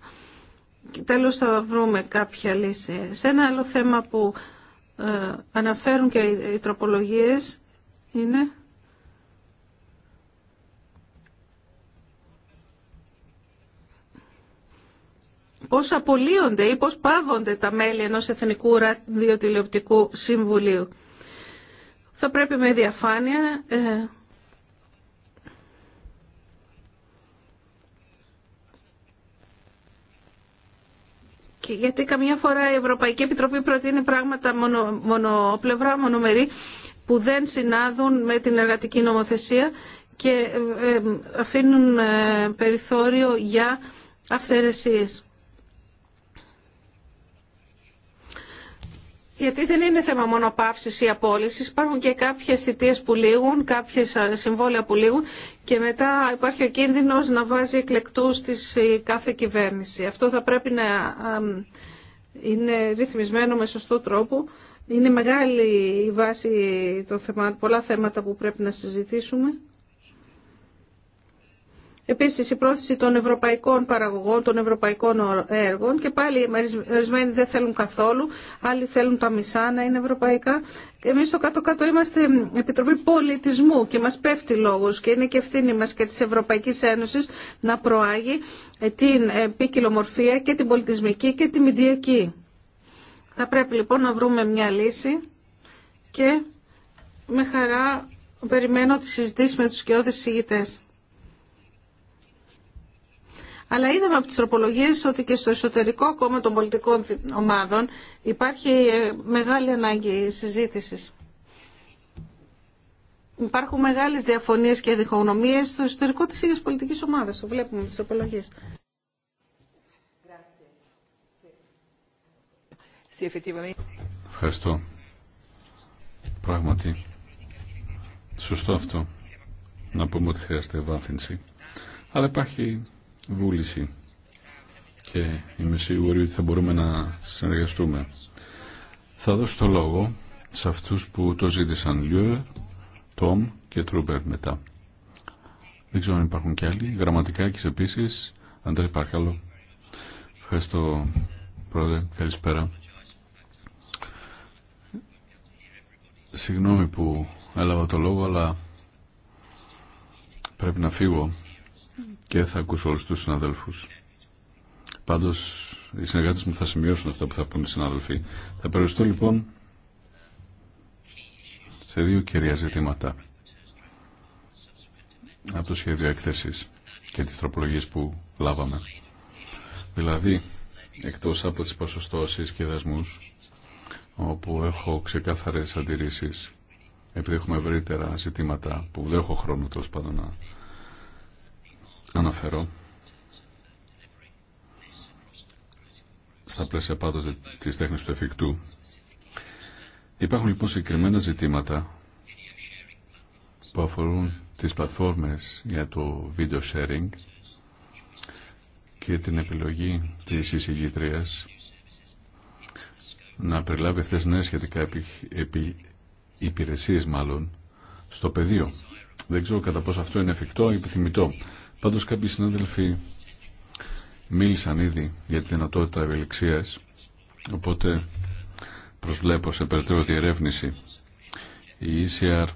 Και τέλος θα βρούμε κάποια λύση. Σε ένα άλλο θέμα που ε, αναφέρουν και οι τροπολογίες είναι πώς απολύονται ή πώς πάβονται τα μέλη ενός Εθνικού Ραδιοτηλεοπτικού Συμβουλίου. Θα πρέπει με διαφάνεια ε, Και γιατί καμιά φορά η Ευρωπαϊκή Επιτροπή προτείνει πράγματα μονοπλευρά, μονομερή, που δεν συνάδουν με την εργατική νομοθεσία και ε, ε, αφήνουν περιθώριο για αυθαιρεσίες. Γιατί δεν είναι θέμα μόνο πάυσης ή απόλυσης. Υπάρχουν και κάποιες θητείες που λήγουν, κάποιες συμβόλαια που λήγουν και μετά υπάρχει ο κίνδυνος να βάζει εκλεκτούς της κάθε κυβέρνηση. Αυτό παύση η βάση των θεμάτων, πολλά θέματα που πρέπει να συζητήσουμε. Επίσης η πρόθεση των ευρωπαϊκών παραγωγών, των ευρωπαϊκών έργων και πάλι ορισμένοι δεν θέλουν καθόλου, άλλοι θέλουν τα μισά να είναι ευρωπαϊκά. Εμείς στο κάτω-κάτω είμαστε Επιτροπή Πολιτισμού και μας πέφτει λόγος και είναι και ευθύνη μας και της Ευρωπαϊκής Ένωσης να προάγει ε, την ποικιλομορφία και την πολιτισμική και τη μηντιακή. Θα πρέπει λοιπόν να βρούμε μια λύση και με χαρά περιμένω τη συζητήση με τους κοιόδες συγητές. Αλλά είδαμε από τις τροπολογίες ότι και στο εσωτερικό κόμμα των πολιτικών ομάδων υπάρχει ε, μεγάλη ανάγκη συζήτησης. Υπάρχουν μεγάλες διαφωνίες και διχογνωμίες στο εσωτερικό της ίδιας πολιτικής ομάδας. Το βλέπουμε από τις τροπολογίες. Ευχαριστώ. Πράγματι. Σωστό αυτό. Να πούμε ότι χρειάζεται βάθυνση. Αλλά υπάρχει βούληση και είμαι σίγουρη ότι θα μπορούμε να συνεργαστούμε. Θα δώσω το λόγο σε αυτούς που το ζήτησαν Λιουερ, Τόμ και Τρούπερ μετά. Δεν ξέρω αν υπάρχουν κι άλλοι. Γραμματικά και επίσης. Αντρέ Παρκαλό. Ευχαριστώ πρόεδρε. Καλησπέρα. Συγγνώμη που έλαβα το λόγο αλλά πρέπει να φύγω και θα ακούσω όλους τους συναδέλφους. Πάντως, οι συνεργάτες μου θα σημειώσουν αυτά που θα πούν οι συνάδελφοι. Θα περιοριστώ λοιπόν σε δύο κυρία ζητήματα από το σχέδιο έκθεσης και τις τροπολογίες που λάβαμε. Δηλαδή, εκτός από τις ποσοστώσεις και δασμούς, όπου έχω ξεκάθαρες αντιρρήσεις, επειδή έχουμε ευρύτερα ζητήματα που δεν έχω χρόνο τόσο πάντων να αναφέρω στα πλαίσια πάντως της τέχνης του εφικτού. Υπάρχουν λοιπόν συγκεκριμένα ζητήματα που αφορούν τις πλατφόρμες για το video sharing και την επιλογή της εισηγήτριας να περιλάβει αυτές νέες σχετικά επι, επι, υπηρεσίες μάλλον στο πεδίο. Δεν ξέρω κατά πόσο αυτό είναι εφικτό ή επιθυμητό. Πάντω κάποιοι συνάδελφοι μίλησαν ήδη για τη δυνατότητα ευελιξία οπότε προσβλέπω σε περαιτέρω διερεύνηση. Η ECR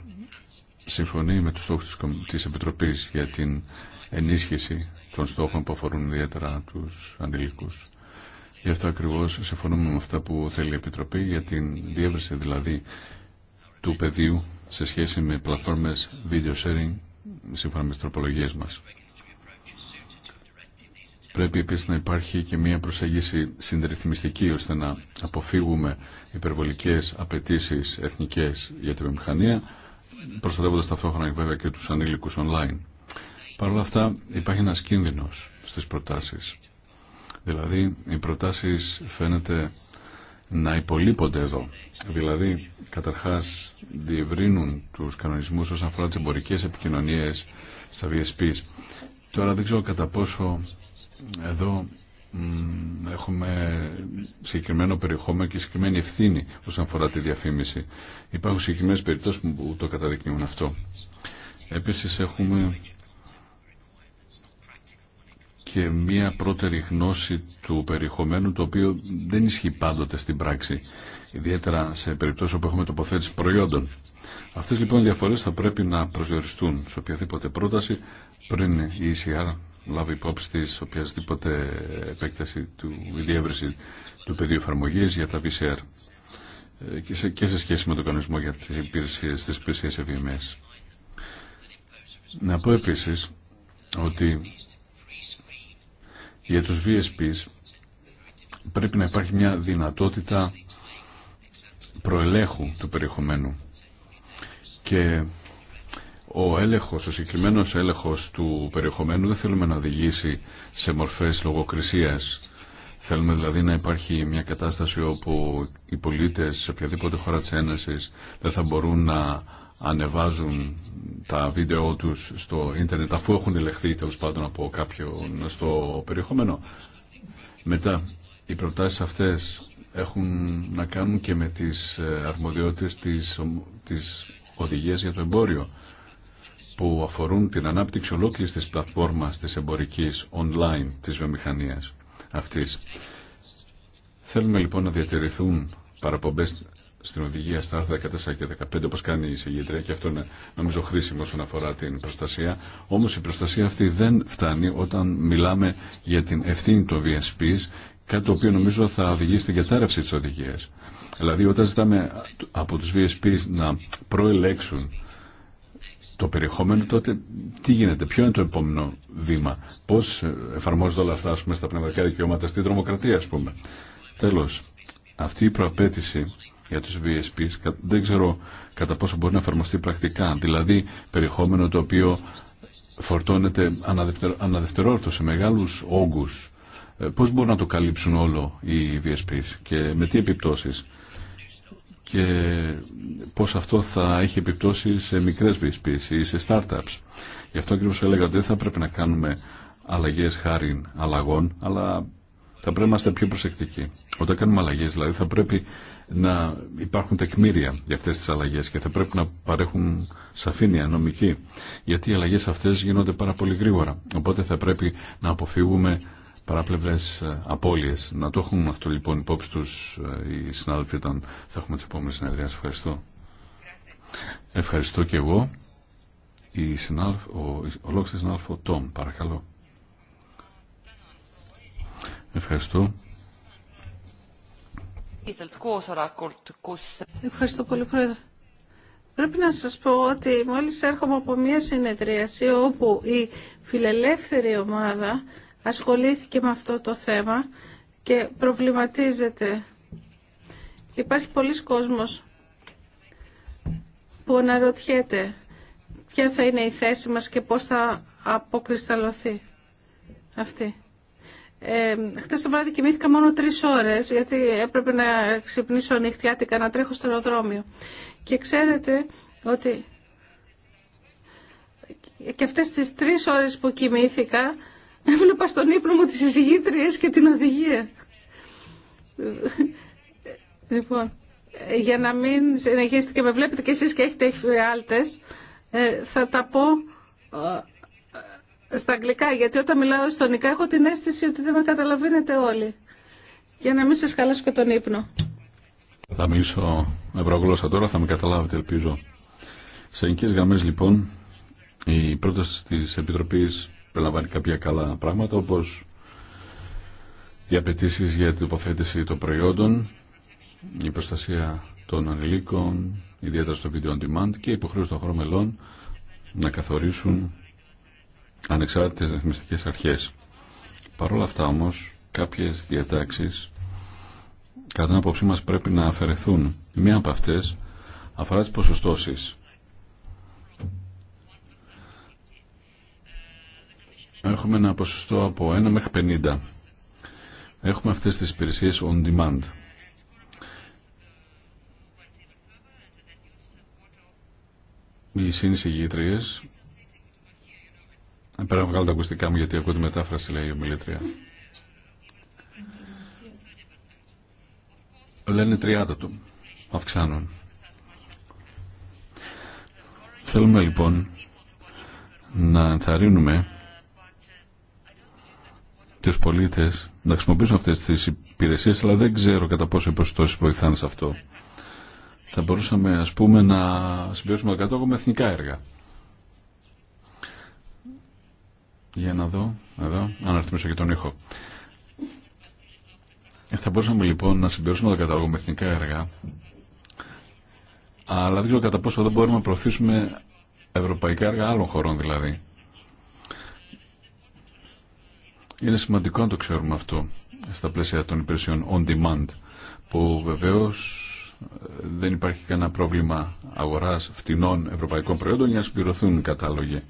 συμφωνεί με τους στόχους της Επιτροπής για την ενίσχυση των στόχων που αφορούν ιδιαίτερα τους ανηλίκους. Γι' αυτό ακριβώς συμφωνούμε με αυτά που θέλει η Επιτροπή για την διεύρυνση δηλαδή του πεδίου σε σχέση με πλατφόρμες video sharing σύμφωνα με τις τροπολογίες μας. Πρέπει επίσης να υπάρχει και μια προσέγγιση συντεριθμιστική ώστε να αποφύγουμε υπερβολικές απαιτήσει εθνικές για τη βιομηχανία προστατεύοντας ταυτόχρονα βέβαια και τους ανήλικους online. Παρ' όλα αυτά υπάρχει ένας κίνδυνος στις προτάσεις. Δηλαδή οι προτάσεις φαίνεται να υπολείπονται εδώ. Δηλαδή, καταρχάς, διευρύνουν τους κανονισμούς όσον αφορά τι εμπορικές επικοινωνίες στα VSPs. Τώρα δεν ξέρω κατά πόσο εδώ έχουμε συγκεκριμένο περιεχόμενο και συγκεκριμένη ευθύνη όσον αφορά τη διαφήμιση. Υπάρχουν συγκεκριμένες περιπτώσεις που το καταδεικνύουν αυτό. Επίσης έχουμε και μία πρώτερη γνώση του περιεχομένου το οποίο δεν ισχύει πάντοτε στην πράξη, ιδιαίτερα σε περιπτώσεις όπου έχουμε τοποθέτηση προϊόντων. Αυτές λοιπόν οι διαφορές θα πρέπει να προσδιοριστούν σε οποιαδήποτε πρόταση πριν η ECR λάβει υπόψη τη οποιασδήποτε επέκταση του διεύρυνση του πεδίου εφαρμογή για τα VCR ε, και σε, και σε σχέση με τον κανονισμό για τις υπηρεσίε τη υπηρεσία Να πω επίσης ότι για τους VSPs πρέπει να υπάρχει μια δυνατότητα προελέχου του περιεχομένου και ο έλεγχος, ο συγκεκριμένος έλεγχος του περιεχομένου δεν θέλουμε να οδηγήσει σε μορφές λογοκρισίας. Θέλουμε δηλαδή να υπάρχει μια κατάσταση όπου οι πολίτες σε οποιαδήποτε χώρα της Ένωσης δεν θα μπορούν να ανεβάζουν τα βίντεο τους στο ίντερνετ αφού έχουν ελεγχθεί, τέλο πάντων από κάποιον στο περιεχόμενο. Μετά, οι προτάσεις αυτές έχουν να κάνουν και με τις ε, αρμοδιότητες της, της οδηγίας για το εμπόριο που αφορούν την ανάπτυξη ολόκληρης της πλατφόρμας της εμπορικής online της βιομηχανίας αυτής. Θέλουμε λοιπόν να διατηρηθούν παραπομπές στην οδηγία στα 14 και 15 όπως κάνει η συγγήτρια και αυτό είναι νομίζω χρήσιμο όσον αφορά την προστασία. Όμως η προστασία αυτή δεν φτάνει όταν μιλάμε για την ευθύνη των VSPs κάτι το οποίο νομίζω θα οδηγήσει στην κατάρρευση της οδηγίας. Δηλαδή όταν ζητάμε από τους VSPs να προελέξουν το περιεχόμενο τότε τι γίνεται, ποιο είναι το επόμενο βήμα, πώς εφαρμόζονται όλα αυτά πούμε, στα πνευματικά δικαιώματα στην τρομοκρατία α πούμε. Τέλος, αυτή η προαπέτηση για τους VSPs δεν ξέρω κατά πόσο μπορεί να εφαρμοστεί πρακτικά, δηλαδή περιεχόμενο το οποίο φορτώνεται αναδευτερόρθω σε μεγάλους όγκους. Ε, πώς μπορούν να το καλύψουν όλο οι VSPs και με τι επιπτώσεις και πώς αυτό θα έχει επιπτώσει σε μικρές βυσπίσεις ή σε startups. Γι' αυτό ακριβώς έλεγα ότι δεν θα πρέπει να κάνουμε αλλαγές χάρη αλλαγών, αλλά θα πρέπει να είμαστε πιο προσεκτικοί. Όταν κάνουμε αλλαγές, δηλαδή, θα πρέπει να υπάρχουν τεκμήρια για αυτές τις αλλαγές και θα πρέπει να παρέχουν σαφήνεια νομική, γιατί οι αλλαγές αυτές γίνονται πάρα πολύ γρήγορα. Οπότε θα πρέπει να αποφύγουμε παράπλευρες ε, απώλειες. Να το έχουν αυτό λοιπόν υπόψη τους ε, οι συνάδελφοι όταν θα έχουμε τις επόμενες συνεδρίες. Ευχαριστώ. Ευχαριστώ και εγώ. Η συνάδελφο, ο, ο λόγος συνάδελφο Τόμ, παρακαλώ. Ευχαριστώ. Ευχαριστώ πολύ, Πρόεδρε. Πρέπει να σας πω ότι μόλις έρχομαι από μια συνεδρίαση όπου η φιλελεύθερη ομάδα ασχολήθηκε με αυτό το θέμα και προβληματίζεται. υπάρχει πολλοί κόσμος που αναρωτιέται ποια θα είναι η θέση μας και πώς θα αποκρισταλωθεί αυτή. Ε, χτες το βράδυ κοιμήθηκα μόνο τρεις ώρες γιατί έπρεπε να ξυπνήσω νυχτιάτικα να τρέχω στο αεροδρόμιο. Και ξέρετε ότι και αυτές τις τρεις ώρες που κοιμήθηκα Έβλεπα στον ύπνο μου τις συζυγήτριες και την οδηγία. Λοιπόν, για να μην συνεχίσετε και με βλέπετε και εσείς και έχετε εφιάλτες, ε, θα τα πω ε, στα αγγλικά, γιατί όταν μιλάω στον έχω την αίσθηση ότι δεν με καταλαβαίνετε όλοι. Για να μην σας χαλάσω και τον ύπνο. Θα μιλήσω ευρωγλώσσα τώρα, θα με καταλάβετε ελπίζω. Σε γενικές γραμμές λοιπόν, η πρόταση της Επιτροπής περιλαμβάνει κάποια καλά πράγματα όπως οι απαιτήσει για την υποθέτηση των προϊόντων, η προστασία των ανηλίκων, ιδιαίτερα στο video on demand και η υποχρέωση των χωρών μελών να καθορίσουν ανεξάρτητες ρυθμιστικές αρχές. Παρ' όλα αυτά όμως κάποιες διατάξεις κατά την άποψή μας πρέπει να αφαιρεθούν. Μία από αυτές αφορά τις ποσοστώσεις. έχουμε ένα ποσοστό από 1 μέχρι 50. Έχουμε αυτές τις υπηρεσίε on demand. Οι συνεισηγήτριες Πέρα να βγάλω τα ακουστικά μου γιατί ακούω τη μετάφραση λέει η ομιλήτρια. Λένε 30 του. Αυξάνουν. Θέλουμε λοιπόν να ενθαρρύνουμε του πολίτε να χρησιμοποιήσουν αυτέ τι υπηρεσίε, αλλά δεν ξέρω κατά πόσο οι ποσοστώσεις βοηθάνε σε αυτό. Θα μπορούσαμε, ας πούμε, να συμπληρώσουμε το με εθνικά έργα. Για να δω, εδώ, αναρτημίσω και τον ήχο. Θα μπορούσαμε λοιπόν να συμπληρώσουμε το κατάλογο με εθνικά έργα, αλλά δεν ξέρω κατά πόσο εδώ μπορούμε να προωθήσουμε ευρωπαϊκά έργα άλλων χωρών δηλαδή. Είναι σημαντικό να το ξέρουμε αυτό στα πλαίσια των υπηρεσιών on demand που βεβαίως ε, δεν υπάρχει κανένα πρόβλημα αγοράς φτηνών ευρωπαϊκών προϊόντων για να συμπληρωθούν κατάλογοι.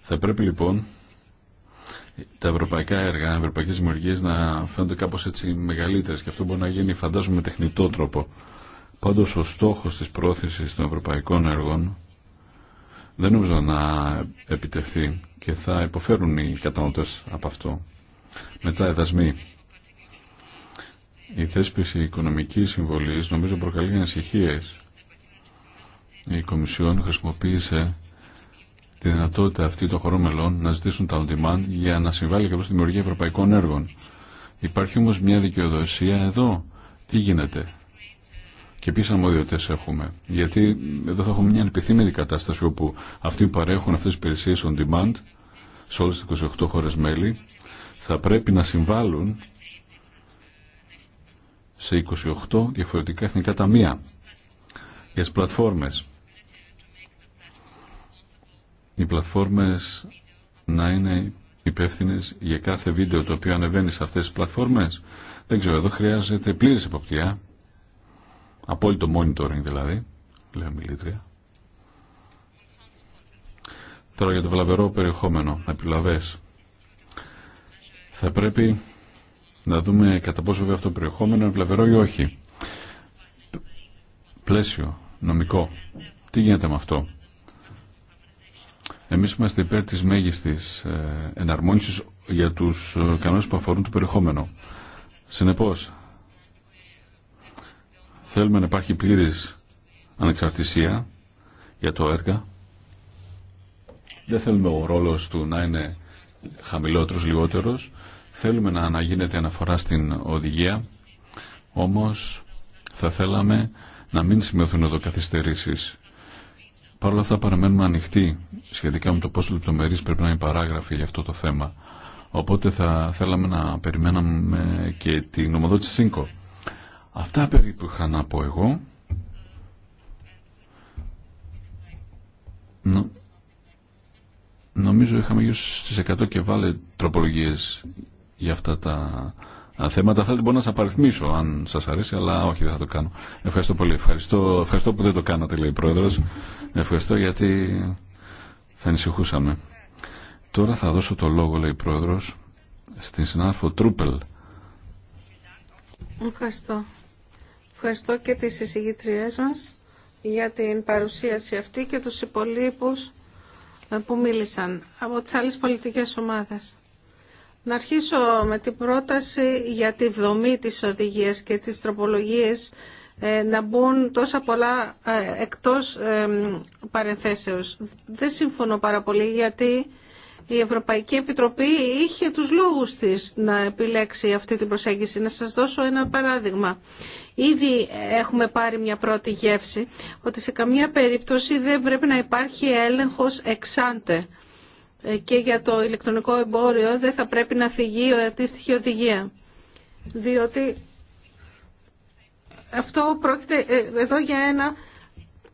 Θα πρέπει λοιπόν τα ευρωπαϊκά έργα, οι ευρωπαϊκέ δημιουργίε να φαίνονται κάπω έτσι μεγαλύτερε και αυτό μπορεί να γίνει φαντάζομαι με τεχνητό τρόπο. Πάντω ο στόχο τη πρόθεση των ευρωπαϊκών έργων δεν νομίζω να επιτευχθεί και θα υποφέρουν οι κατανότε από αυτό. Μετά εδασμοί. Η θέσπιση οικονομική συμβολής νομίζω προκαλεί ανησυχίε. Η Κομισιόν χρησιμοποίησε τη δυνατότητα αυτή των χωρών μελών να ζητήσουν τα on demand για να συμβάλλει και προ τη δημιουργία ευρωπαϊκών έργων. Υπάρχει όμως μια δικαιοδοσία εδώ. Τι γίνεται και ποιε αρμοδιότητε έχουμε. Γιατί εδώ θα έχουμε μια ανεπιθύμητη κατάσταση όπου αυτοί που παρέχουν αυτέ τι υπηρεσίε on demand σε όλε τι 28 χώρε μέλη θα πρέπει να συμβάλλουν σε 28 διαφορετικά εθνικά ταμεία για τι πλατφόρμε. Οι πλατφόρμες να είναι υπεύθυνε για κάθε βίντεο το οποίο ανεβαίνει σε αυτέ τι πλατφόρμε. Δεν ξέρω, εδώ χρειάζεται πλήρη εποπτεία Απόλυτο monitoring δηλαδή, λέω μιλήτρια. Τώρα για το βλαβερό περιεχόμενο, επιλαβές. Θα πρέπει να δούμε κατά πόσο βέβαια αυτό το περιεχόμενο είναι βλαβερό ή όχι. Πλαίσιο, νομικό. Τι γίνεται με αυτό. Εμείς είμαστε υπέρ της μέγιστης ε, εναρμόνισης για τους ε, κανόνες που αφορούν το περιεχόμενο. Συνεπώς, Θέλουμε να υπάρχει πλήρης ανεξαρτησία για το έργα. Δεν θέλουμε ο ρόλος του να είναι χαμηλότερος, λιγότερος. Θέλουμε να αναγίνεται αναφορά στην οδηγία, όμως θα θέλαμε να μην σημειωθούν εδώ καθυστερήσεις. Παρ' όλα αυτά παραμένουμε ανοιχτοί σχετικά με το πόσο λεπτομερής πρέπει να είναι παράγραφη για αυτό το θέμα. Οπότε θα θέλαμε να περιμέναμε και την νομοδότηση ΣΥΝΚΟ. Αυτά περίπου είχα να πω εγώ. Νο... Νομίζω είχαμε γύρω στις 100 και βάλε τροπολογίες για αυτά τα θέματα. Θα μπορώ να σας απαριθμίσω αν σας αρέσει, αλλά όχι δεν θα το κάνω. Ευχαριστώ πολύ. Ευχαριστώ, που δεν το κάνατε λέει η Πρόεδρος. Ευχαριστώ γιατί θα ανησυχούσαμε. Τώρα θα δώσω το λόγο λέει η Πρόεδρος στην συνάδελφο Τρούπελ. Ευχαριστώ. Ευχαριστώ και τις εισηγήτριές μας για την παρουσίαση αυτή και τους υπολείπους ε, που μίλησαν από τις άλλες πολιτικές ομάδες. Να αρχίσω με την πρόταση για τη δομή της οδηγίας και της τροπολογίας ε, να μπουν τόσα πολλά ε, εκτός παρενθέσεως. Δεν συμφωνώ πάρα πολύ γιατί η Ευρωπαϊκή Επιτροπή είχε τους λόγους της να επιλέξει αυτή την προσέγγιση. Να σας δώσω ένα παράδειγμα. Ήδη έχουμε πάρει μια πρώτη γεύση ότι σε καμία περίπτωση δεν πρέπει να υπάρχει έλεγχος εξάντε ε, και για το ηλεκτρονικό εμπόριο δεν θα πρέπει να φυγεί η αντίστοιχη οδηγία. Διότι αυτό πρόκειται ε, εδώ για ένα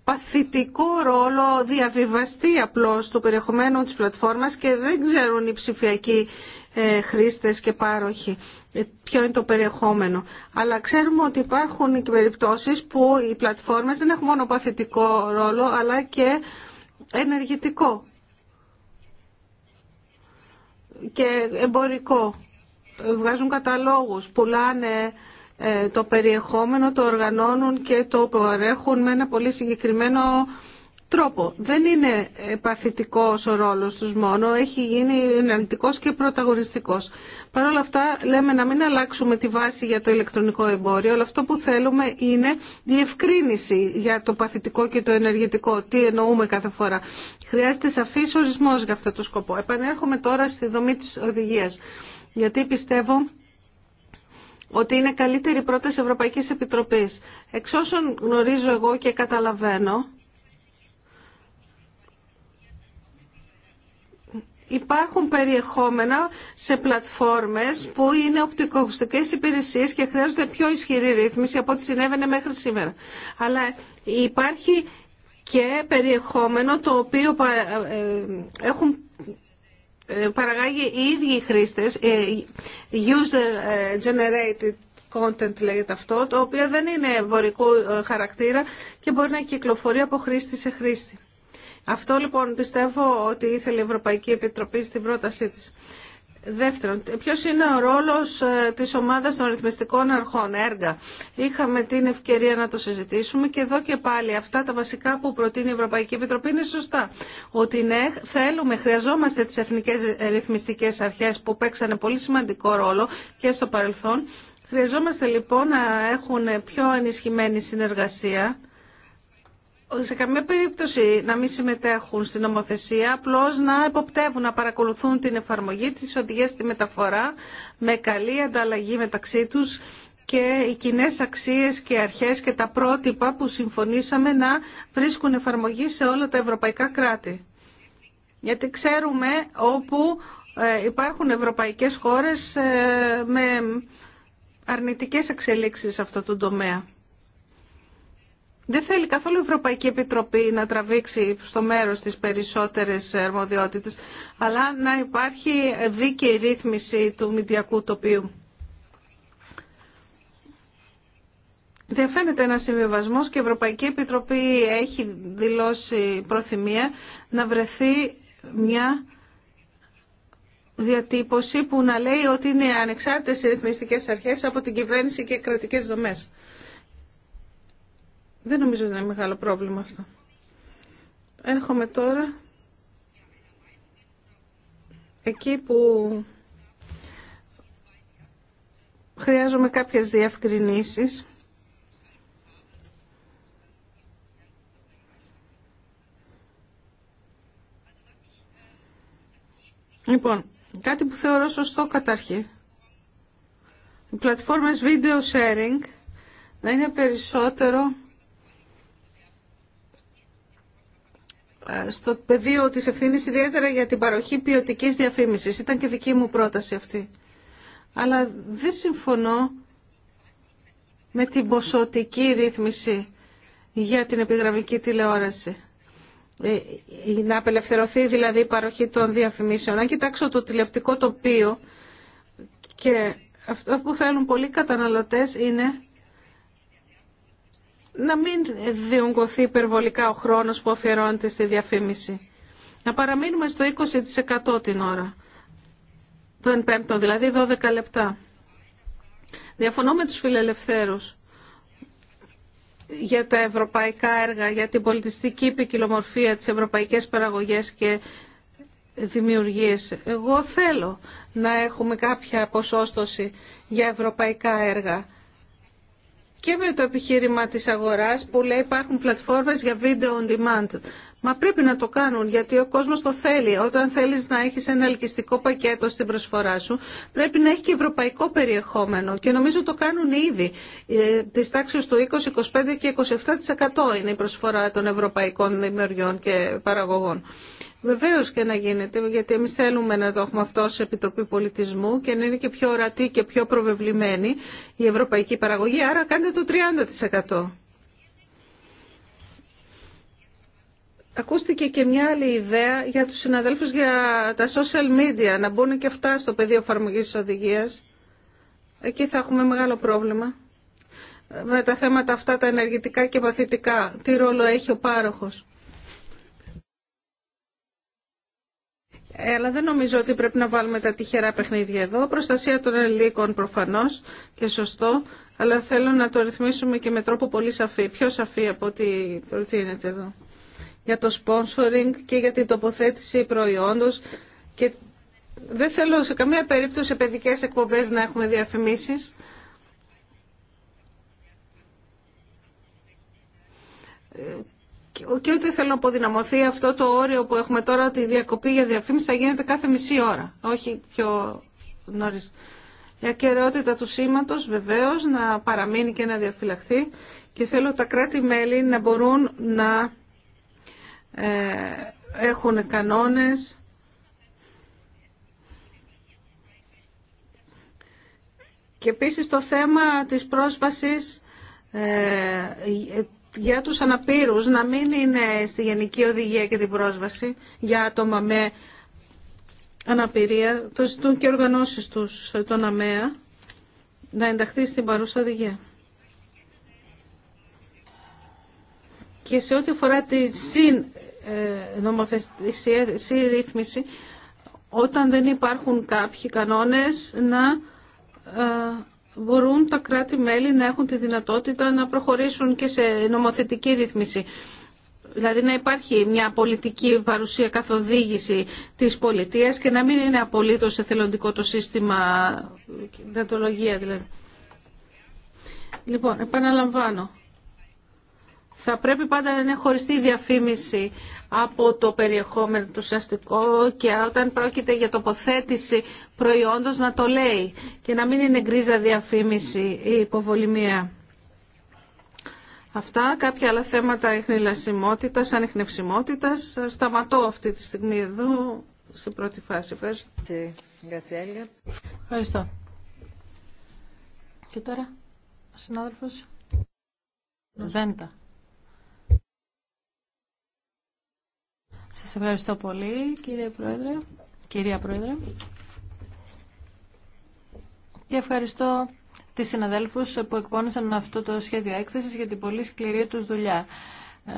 παθητικό ρόλο διαβιβαστεί απλώς του περιεχομένου της πλατφόρμας και δεν ξέρουν οι ψηφιακοί ε, χρήστες και πάροχοι ε, ποιο είναι το περιεχόμενο. Αλλά ξέρουμε ότι υπάρχουν και περιπτώσεις που οι πλατφόρμες δεν έχουν μόνο παθητικό ρόλο αλλά και ενεργητικό και εμπορικό. Βγάζουν καταλόγους, πουλάνε ε, το περιεχόμενο το οργανώνουν και το παρέχουν με ένα πολύ συγκεκριμένο τρόπο. Δεν είναι παθητικός ο ρόλος τους μόνο, έχει γίνει ενεργητικός και πρωταγωνιστικός. Παρ' όλα αυτά λέμε να μην αλλάξουμε τη βάση για το ηλεκτρονικό εμπόριο, αλλά αυτό που θέλουμε είναι διευκρίνηση για το παθητικό και το ενεργητικό, τι εννοούμε κάθε φορά. Χρειάζεται σαφής ορισμός για αυτό το σκοπό. Επανέρχομαι τώρα στη δομή της οδηγίας, γιατί πιστεύω ότι είναι καλύτερη πρόταση Ευρωπαϊκή Επιτροπή. Εξ όσων γνωρίζω εγώ και καταλαβαίνω, υπάρχουν περιεχόμενα σε πλατφόρμες που είναι οπτικοακουστικές υπηρεσίες και χρειάζονται πιο ισχυρή ρύθμιση από ό,τι συνέβαινε μέχρι σήμερα. Αλλά υπάρχει και περιεχόμενο το οποίο ε, έχουν ε, παραγάγει οι ίδιοι χρήστε, ε, user user-generated ε, content λέγεται αυτό, το οποίο δεν είναι εμπορικού χαρακτήρα και μπορεί να κυκλοφορεί από χρήστη σε χρήστη. Αυτό λοιπόν πιστεύω ότι ήθελε η Ευρωπαϊκή Επιτροπή στην πρότασή της. Δεύτερον, ποιος είναι ο ρόλος ε, της ομάδας των ρυθμιστικών αρχών, έργα. Είχαμε την ευκαιρία να το συζητήσουμε και εδώ και πάλι αυτά τα βασικά που προτείνει η Ευρωπαϊκή Επιτροπή είναι σωστά. Ότι ναι, θέλουμε, χρειαζόμαστε τις εθνικές ρυθμιστικές αρχές που παίξανε πολύ σημαντικό ρόλο και στο παρελθόν. Χρειαζόμαστε λοιπόν να έχουν πιο ενισχυμένη συνεργασία σε καμία περίπτωση να μην συμμετέχουν στην νομοθεσία, απλώς να εποπτεύουν, να παρακολουθούν την εφαρμογή της οδηγίας στη μεταφορά με καλή ανταλλαγή μεταξύ τους και οι κοινέ αξίες και αρχές και τα πρότυπα που συμφωνήσαμε να βρίσκουν εφαρμογή σε όλα τα ευρωπαϊκά κράτη. Γιατί ξέρουμε όπου ε, υπάρχουν ευρωπαϊκές χώρες ε, με αρνητικές εξελίξεις σε αυτό το τομέα. Δεν θέλει καθόλου η Ευρωπαϊκή Επιτροπή να τραβήξει στο μέρος τις περισσότερες αρμοδιότητες, αλλά να υπάρχει δίκαιη ρύθμιση του μηδιακού τοπίου. φαίνεται ένα συμβιβασμό και η Ευρωπαϊκή Επιτροπή έχει δηλώσει προθυμία να βρεθεί μια διατύπωση που να λέει ότι είναι ανεξάρτητες οι ρυθμιστικές αρχές από την κυβέρνηση και κρατικές δομές. Δεν νομίζω ότι είναι μεγάλο πρόβλημα αυτό. Έρχομαι τώρα εκεί που χρειάζομαι κάποιες διευκρινήσεις. Λοιπόν, κάτι που θεωρώ σωστό καταρχήν. Οι πλατφόρμες video sharing να είναι περισσότερο στο πεδίο της ευθύνη ιδιαίτερα για την παροχή ποιοτική διαφήμισης. Ήταν και δική μου πρόταση αυτή. Αλλά δεν συμφωνώ με την ποσοτική ρύθμιση για την επιγραμμική τηλεόραση. Ε, να απελευθερωθεί δηλαδή η παροχή των διαφημίσεων. Αν κοιτάξω το τηλεοπτικό τοπίο και αυτό που θέλουν πολλοί καταναλωτές είναι να μην διονγκωθεί υπερβολικά ο χρόνος που αφιερώνεται στη διαφήμιση. Να παραμείνουμε στο 20% την ώρα. Το εν πέμπτο, δηλαδή 12 λεπτά. Διαφωνώ με τους φιλελευθέρους για τα ευρωπαϊκά έργα, για την πολιτιστική ποικιλομορφία, τις ευρωπαϊκές παραγωγές και δημιουργίες. Εγώ θέλω να έχουμε κάποια ποσόστοση για ευρωπαϊκά έργα και με το επιχείρημα της αγοράς που λέει υπάρχουν πλατφόρμες για video on demand. Μα πρέπει να το κάνουν γιατί ο κόσμος το θέλει. Όταν θέλεις να έχεις ένα ελκυστικό πακέτο στην προσφορά σου πρέπει να έχει και ευρωπαϊκό περιεχόμενο και νομίζω το κάνουν ήδη. Ε, Τη τάξη του 20, 25 και 27% είναι η προσφορά των ευρωπαϊκών δημιουργιών και παραγωγών. Βεβαίω και να γίνεται, γιατί εμεί θέλουμε να το έχουμε αυτό σε Επιτροπή Πολιτισμού και να είναι και πιο ορατή και πιο προβεβλημένη η ευρωπαϊκή παραγωγή. Άρα κάντε το 30%. Ακούστηκε και μια άλλη ιδέα για τους συναδέλφους για τα social media, να μπουν και αυτά στο πεδίο εφαρμογή της οδηγίας. Εκεί θα έχουμε μεγάλο πρόβλημα με τα θέματα αυτά τα ενεργητικά και παθητικά. Τι ρόλο έχει ο πάροχος. Ε, αλλά δεν νομίζω ότι πρέπει να βάλουμε τα τυχερά παιχνίδια εδώ. Προστασία των ελίκων προφανώς και σωστό, αλλά θέλω να το ρυθμίσουμε και με τρόπο πολύ σαφή, πιο σαφή από ό,τι προτείνεται εδώ. Για το sponsoring και για την τοποθέτηση προϊόντος και δεν θέλω σε καμία περίπτωση σε παιδικές εκπομπές να έχουμε διαφημίσεις και ότι θέλω να αποδυναμωθεί αυτό το όριο που έχουμε τώρα ότι η διακοπή για διαφήμιση θα γίνεται κάθε μισή ώρα, όχι πιο νωρίς. Η ακαιρεότητα του σήματο βεβαίω να παραμείνει και να διαφυλαχθεί και θέλω τα κράτη-μέλη να μπορούν να ε, έχουν κανόνες και επίσης το θέμα της πρόσβασης ε, για τους αναπήρους να μην είναι στη Γενική Οδηγία και την πρόσβαση για άτομα με αναπηρία. Το ζητούν και οργανώσεις τους τον ΑΜΕΑ να ενταχθεί στην παρούσα οδηγία. Και σε ό,τι αφορά τη συν ε, νομοθεσία, ρύθμιση, όταν δεν υπάρχουν κάποιοι κανόνες να ε, μπορούν τα κράτη-μέλη να έχουν τη δυνατότητα να προχωρήσουν και σε νομοθετική ρύθμιση. Δηλαδή να υπάρχει μια πολιτική παρουσία καθοδήγηση της πολιτείας και να μην είναι απολύτως εθελοντικό το σύστημα, δεντολογία δηλαδή. Λοιπόν, επαναλαμβάνω. Θα πρέπει πάντα να είναι χωριστή διαφήμιση από το περιεχόμενο του ουσιαστικό και όταν πρόκειται για τοποθέτηση προϊόντος να το λέει και να μην είναι γκρίζα διαφήμιση ή υποβολημία. Αυτά, κάποια άλλα θέματα εχνηλασιμότητας, ανιχνευσιμότητας. Σταματώ αυτή τη στιγμή εδώ, σε πρώτη φάση. Ευχαριστώ. Ευχαριστώ. Και τώρα, ο συνάδελφος Βέντα. Σας ευχαριστώ πολύ κύριε Πρόεδρε, κυρία Πρόεδρε. Και ευχαριστώ τις συναδέλφους που εκπώνησαν αυτό το σχέδιο έκθεσης για την πολύ σκληρή τους δουλειά. Ε,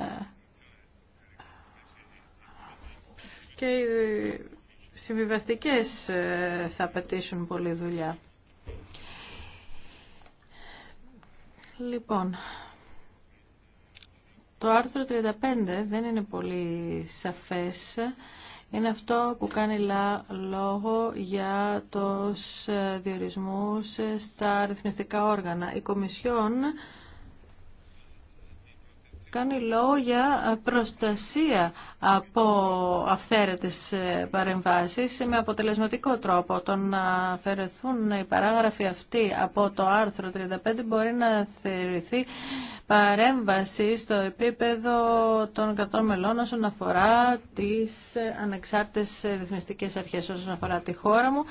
και οι συμβιβαστικές ε, θα απαιτήσουν πολύ δουλειά. Λοιπόν, το άρθρο 35 δεν είναι πολύ σαφές. Είναι αυτό που κάνει λόγο για τους ε, διορισμούς στα αριθμιστικά όργανα. Η Κομισιόν κάνει λόγο για ε, προστασία από αυθαίρετες ε, παρεμβάσεις με αποτελεσματικό τρόπο. Το να αφαιρεθούν οι παράγραφοι αυτοί από το άρθρο 35 μπορεί να θεωρηθεί παρέμβαση στο επίπεδο των κρατών μελών όσον αφορά τις ε, ανεξάρτητες ρυθμιστικές αρχές όσον αφορά τη χώρα μου.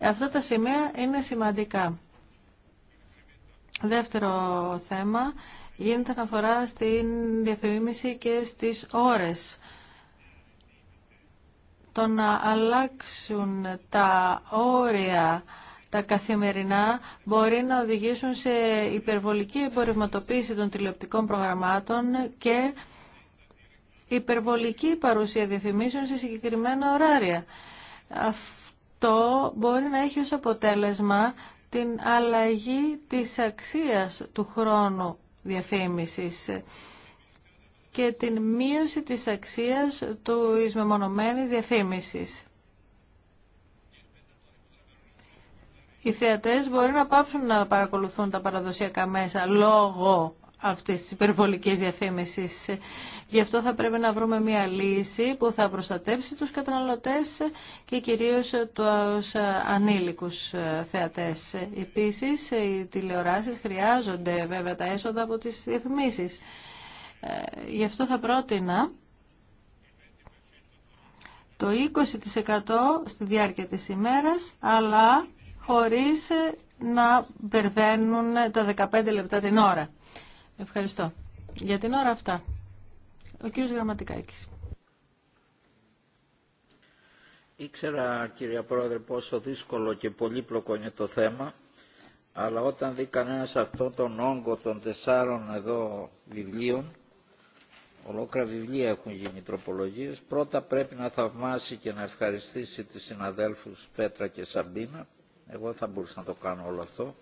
Αυτά τα σημεία είναι σημαντικά. Δεύτερο θέμα γίνεται αναφορά στην διαφημίμηση και στις ώρες. Το να αλλάξουν τα όρια τα καθημερινά μπορεί να οδηγήσουν σε υπερβολική εμπορευματοποίηση των τηλεοπτικών προγραμμάτων και υπερβολική παρουσία διαφημίσεων σε συγκεκριμένα ωράρια. Αυτό μπορεί να έχει ως αποτέλεσμα την αλλαγή της αξίας του χρόνου διαφήμισης και την μείωση της αξίας του εισμεμονωμένης διαφήμισης. Οι θεατές μπορεί να πάψουν να παρακολουθούν τα παραδοσιακά μέσα λόγω αυτής τις υπερβολικής διαφήμισης. Γι' αυτό θα πρέπει να βρούμε μια λύση που θα προστατεύσει τους καταναλωτές και κυρίως τους ανήλικους θεατές. Επίσης, οι τηλεοράσεις χρειάζονται βέβαια τα έσοδα από τις διαφημίσεις. Ε, γι' αυτό θα πρότεινα το 20% στη διάρκεια της ημέρας, αλλά χωρίς να περβαίνουν τα 15 λεπτά την ώρα. Ευχαριστώ. Για την ώρα αυτά. Ο κύριος Γραμματικάκης. Ήξερα, κύριε Πρόεδρε, πόσο δύσκολο και πολύπλοκο είναι το θέμα, αλλά όταν δει κανένας αυτόν τον όγκο των τεσσάρων εδώ βιβλίων, ολόκληρα βιβλία έχουν γίνει τροπολογίες, πρώτα πρέπει να θαυμάσει και να ευχαριστήσει τις συναδέλφους Πέτρα και Σαμπίνα, εγώ θα μπορούσα να το κάνω όλο αυτό,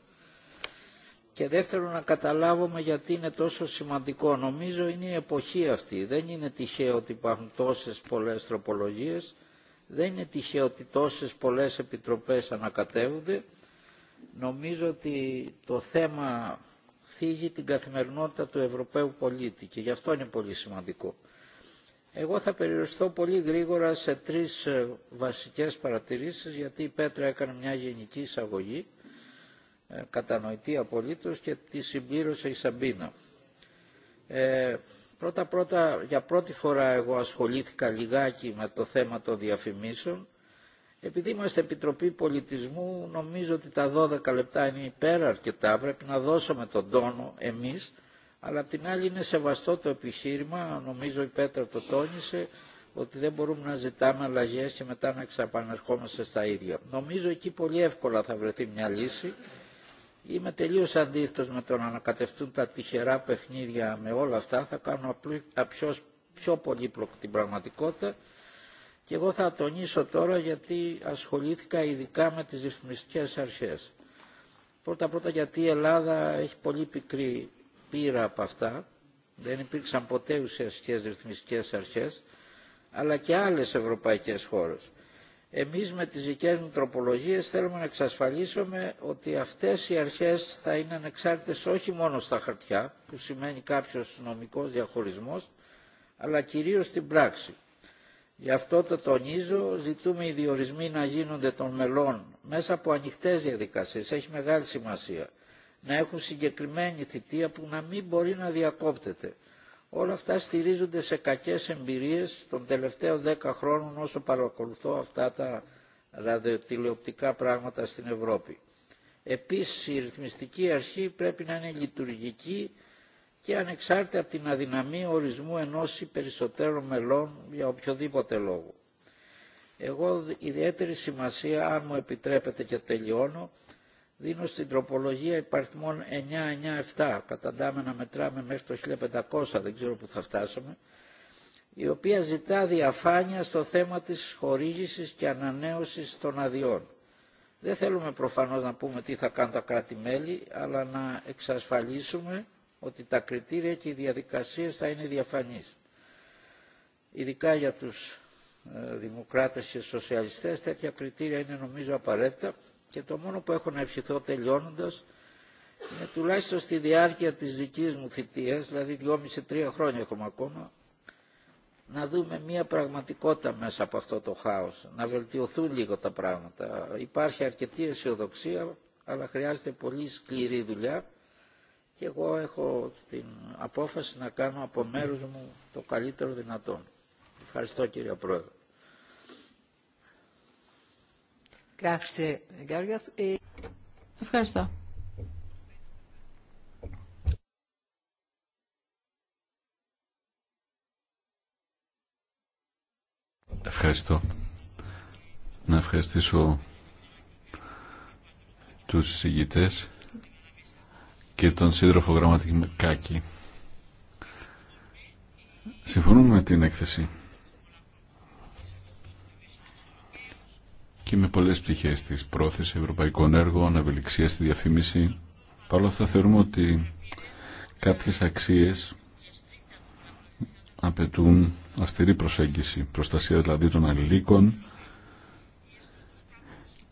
και δεύτερο να καταλάβουμε γιατί είναι τόσο σημαντικό. Νομίζω είναι η εποχή αυτή. Δεν είναι τυχαίο ότι υπάρχουν τόσες πολλές τροπολογίες. Δεν είναι τυχαίο ότι τόσες πολλές επιτροπές ανακατεύονται. Νομίζω ότι το θέμα θίγει την καθημερινότητα του Ευρωπαίου πολίτη και γι' αυτό είναι πολύ σημαντικό. Εγώ θα περιοριστώ πολύ γρήγορα σε τρεις ε, βασικές παρατηρήσεις γιατί η Πέτρα έκανε μια γενική εισαγωγή ε, κατανοητή απολύτως και τη συμπλήρωσε η Σαμπίνα. Ε, πρώτα πρώτα για πρώτη φορά εγώ ασχολήθηκα λιγάκι με το θέμα των διαφημίσεων επειδή είμαστε Επιτροπή Πολιτισμού νομίζω ότι τα 12 λεπτά είναι υπέρα αρκετά πρέπει να δώσουμε τον τόνο εμείς αλλά απ' την άλλη είναι σεβαστό το επιχείρημα νομίζω η Πέτρα το τόνισε ότι δεν μπορούμε να ζητάμε αλλαγές και μετά να ξαπανερχόμαστε στα ίδια. Νομίζω εκεί πολύ εύκολα θα βρεθεί μια λύση Είμαι τελείως αντίθετος με το να ανακατευτούν τα τυχερά παιχνίδια με όλα αυτά. Θα κάνω πιο, πιο πολύπλοκη την πραγματικότητα. Και εγώ θα τονίσω τώρα γιατί ασχολήθηκα ειδικά με τις ρυθμιστικές αρχές. Πρώτα-πρώτα γιατί η Ελλάδα έχει πολύ πικρή πείρα από αυτά. Δεν υπήρξαν ποτέ ουσιαστικές ρυθμιστικές αρχές, αλλά και άλλες ευρωπαϊκές χώρες. Εμείς με τις δικές μου τροπολογίες θέλουμε να εξασφαλίσουμε ότι αυτές οι αρχές θα είναι ανεξάρτητες όχι μόνο στα χαρτιά, που σημαίνει κάποιος νομικός διαχωρισμός, αλλά κυρίως στην πράξη. Γι' αυτό το τονίζω, ζητούμε οι διορισμοί να γίνονται των μελών μέσα από ανοιχτές διαδικασίες, έχει μεγάλη σημασία, να έχουν συγκεκριμένη θητεία που να μην μπορεί να διακόπτεται Όλα αυτά στηρίζονται σε κακές εμπειρίες των τελευταίων δέκα χρόνων όσο παρακολουθώ αυτά τα ραδιοτηλεοπτικά πράγματα στην Ευρώπη. Επίσης η ρυθμιστική αρχή πρέπει να είναι λειτουργική και ανεξάρτητα από την αδυναμία ορισμού ενός ή περισσότερων μελών για οποιοδήποτε λόγο. Εγώ ιδιαίτερη σημασία, αν μου επιτρέπετε και τελειώνω, δίνω στην τροπολογία υπαριθμών 997, καταντάμε να μετράμε μέχρι το 1500, δεν ξέρω που θα φτάσουμε, η οποία ζητά διαφάνεια στο θέμα της χορήγησης και ανανέωσης των αδειών. Δεν θέλουμε προφανώς να πούμε τι θα κάνουν τα κράτη-μέλη, αλλά να εξασφαλίσουμε ότι τα κριτήρια και οι διαδικασίες θα είναι διαφανείς. Ειδικά για τους ε, δημοκράτες και σοσιαλιστές τέτοια κριτήρια είναι νομίζω απαραίτητα και το μόνο που έχω να ευχηθώ τελειώνοντας είναι τουλάχιστον στη διάρκεια της δικής μου θητείας, δηλαδή δυόμιση τρία χρόνια έχουμε ακόμα, να δούμε μια πραγματικότητα μέσα από αυτό το χάος, να βελτιωθούν λίγο τα πράγματα. Υπάρχει αρκετή αισιοδοξία, αλλά χρειάζεται πολύ σκληρή δουλειά και εγώ έχω την απόφαση να κάνω από μέρους μου το καλύτερο δυνατόν. Ευχαριστώ κύριε Πρόεδρε. Ε, Ευχαριστώ. Ευχαριστώ. Να ευχαριστήσω τους συγγητές και τον σύντροφο γραμματική Κάκη. Συμφωνούμε με την έκθεση. και με πολλές πτυχές της πρόθεση ευρωπαϊκών έργων, ευελιξία στη διαφήμιση. Παρ' αυτά θεωρούμε ότι κάποιες αξίες απαιτούν αυστηρή προσέγγιση, προστασία δηλαδή των αλληλίκων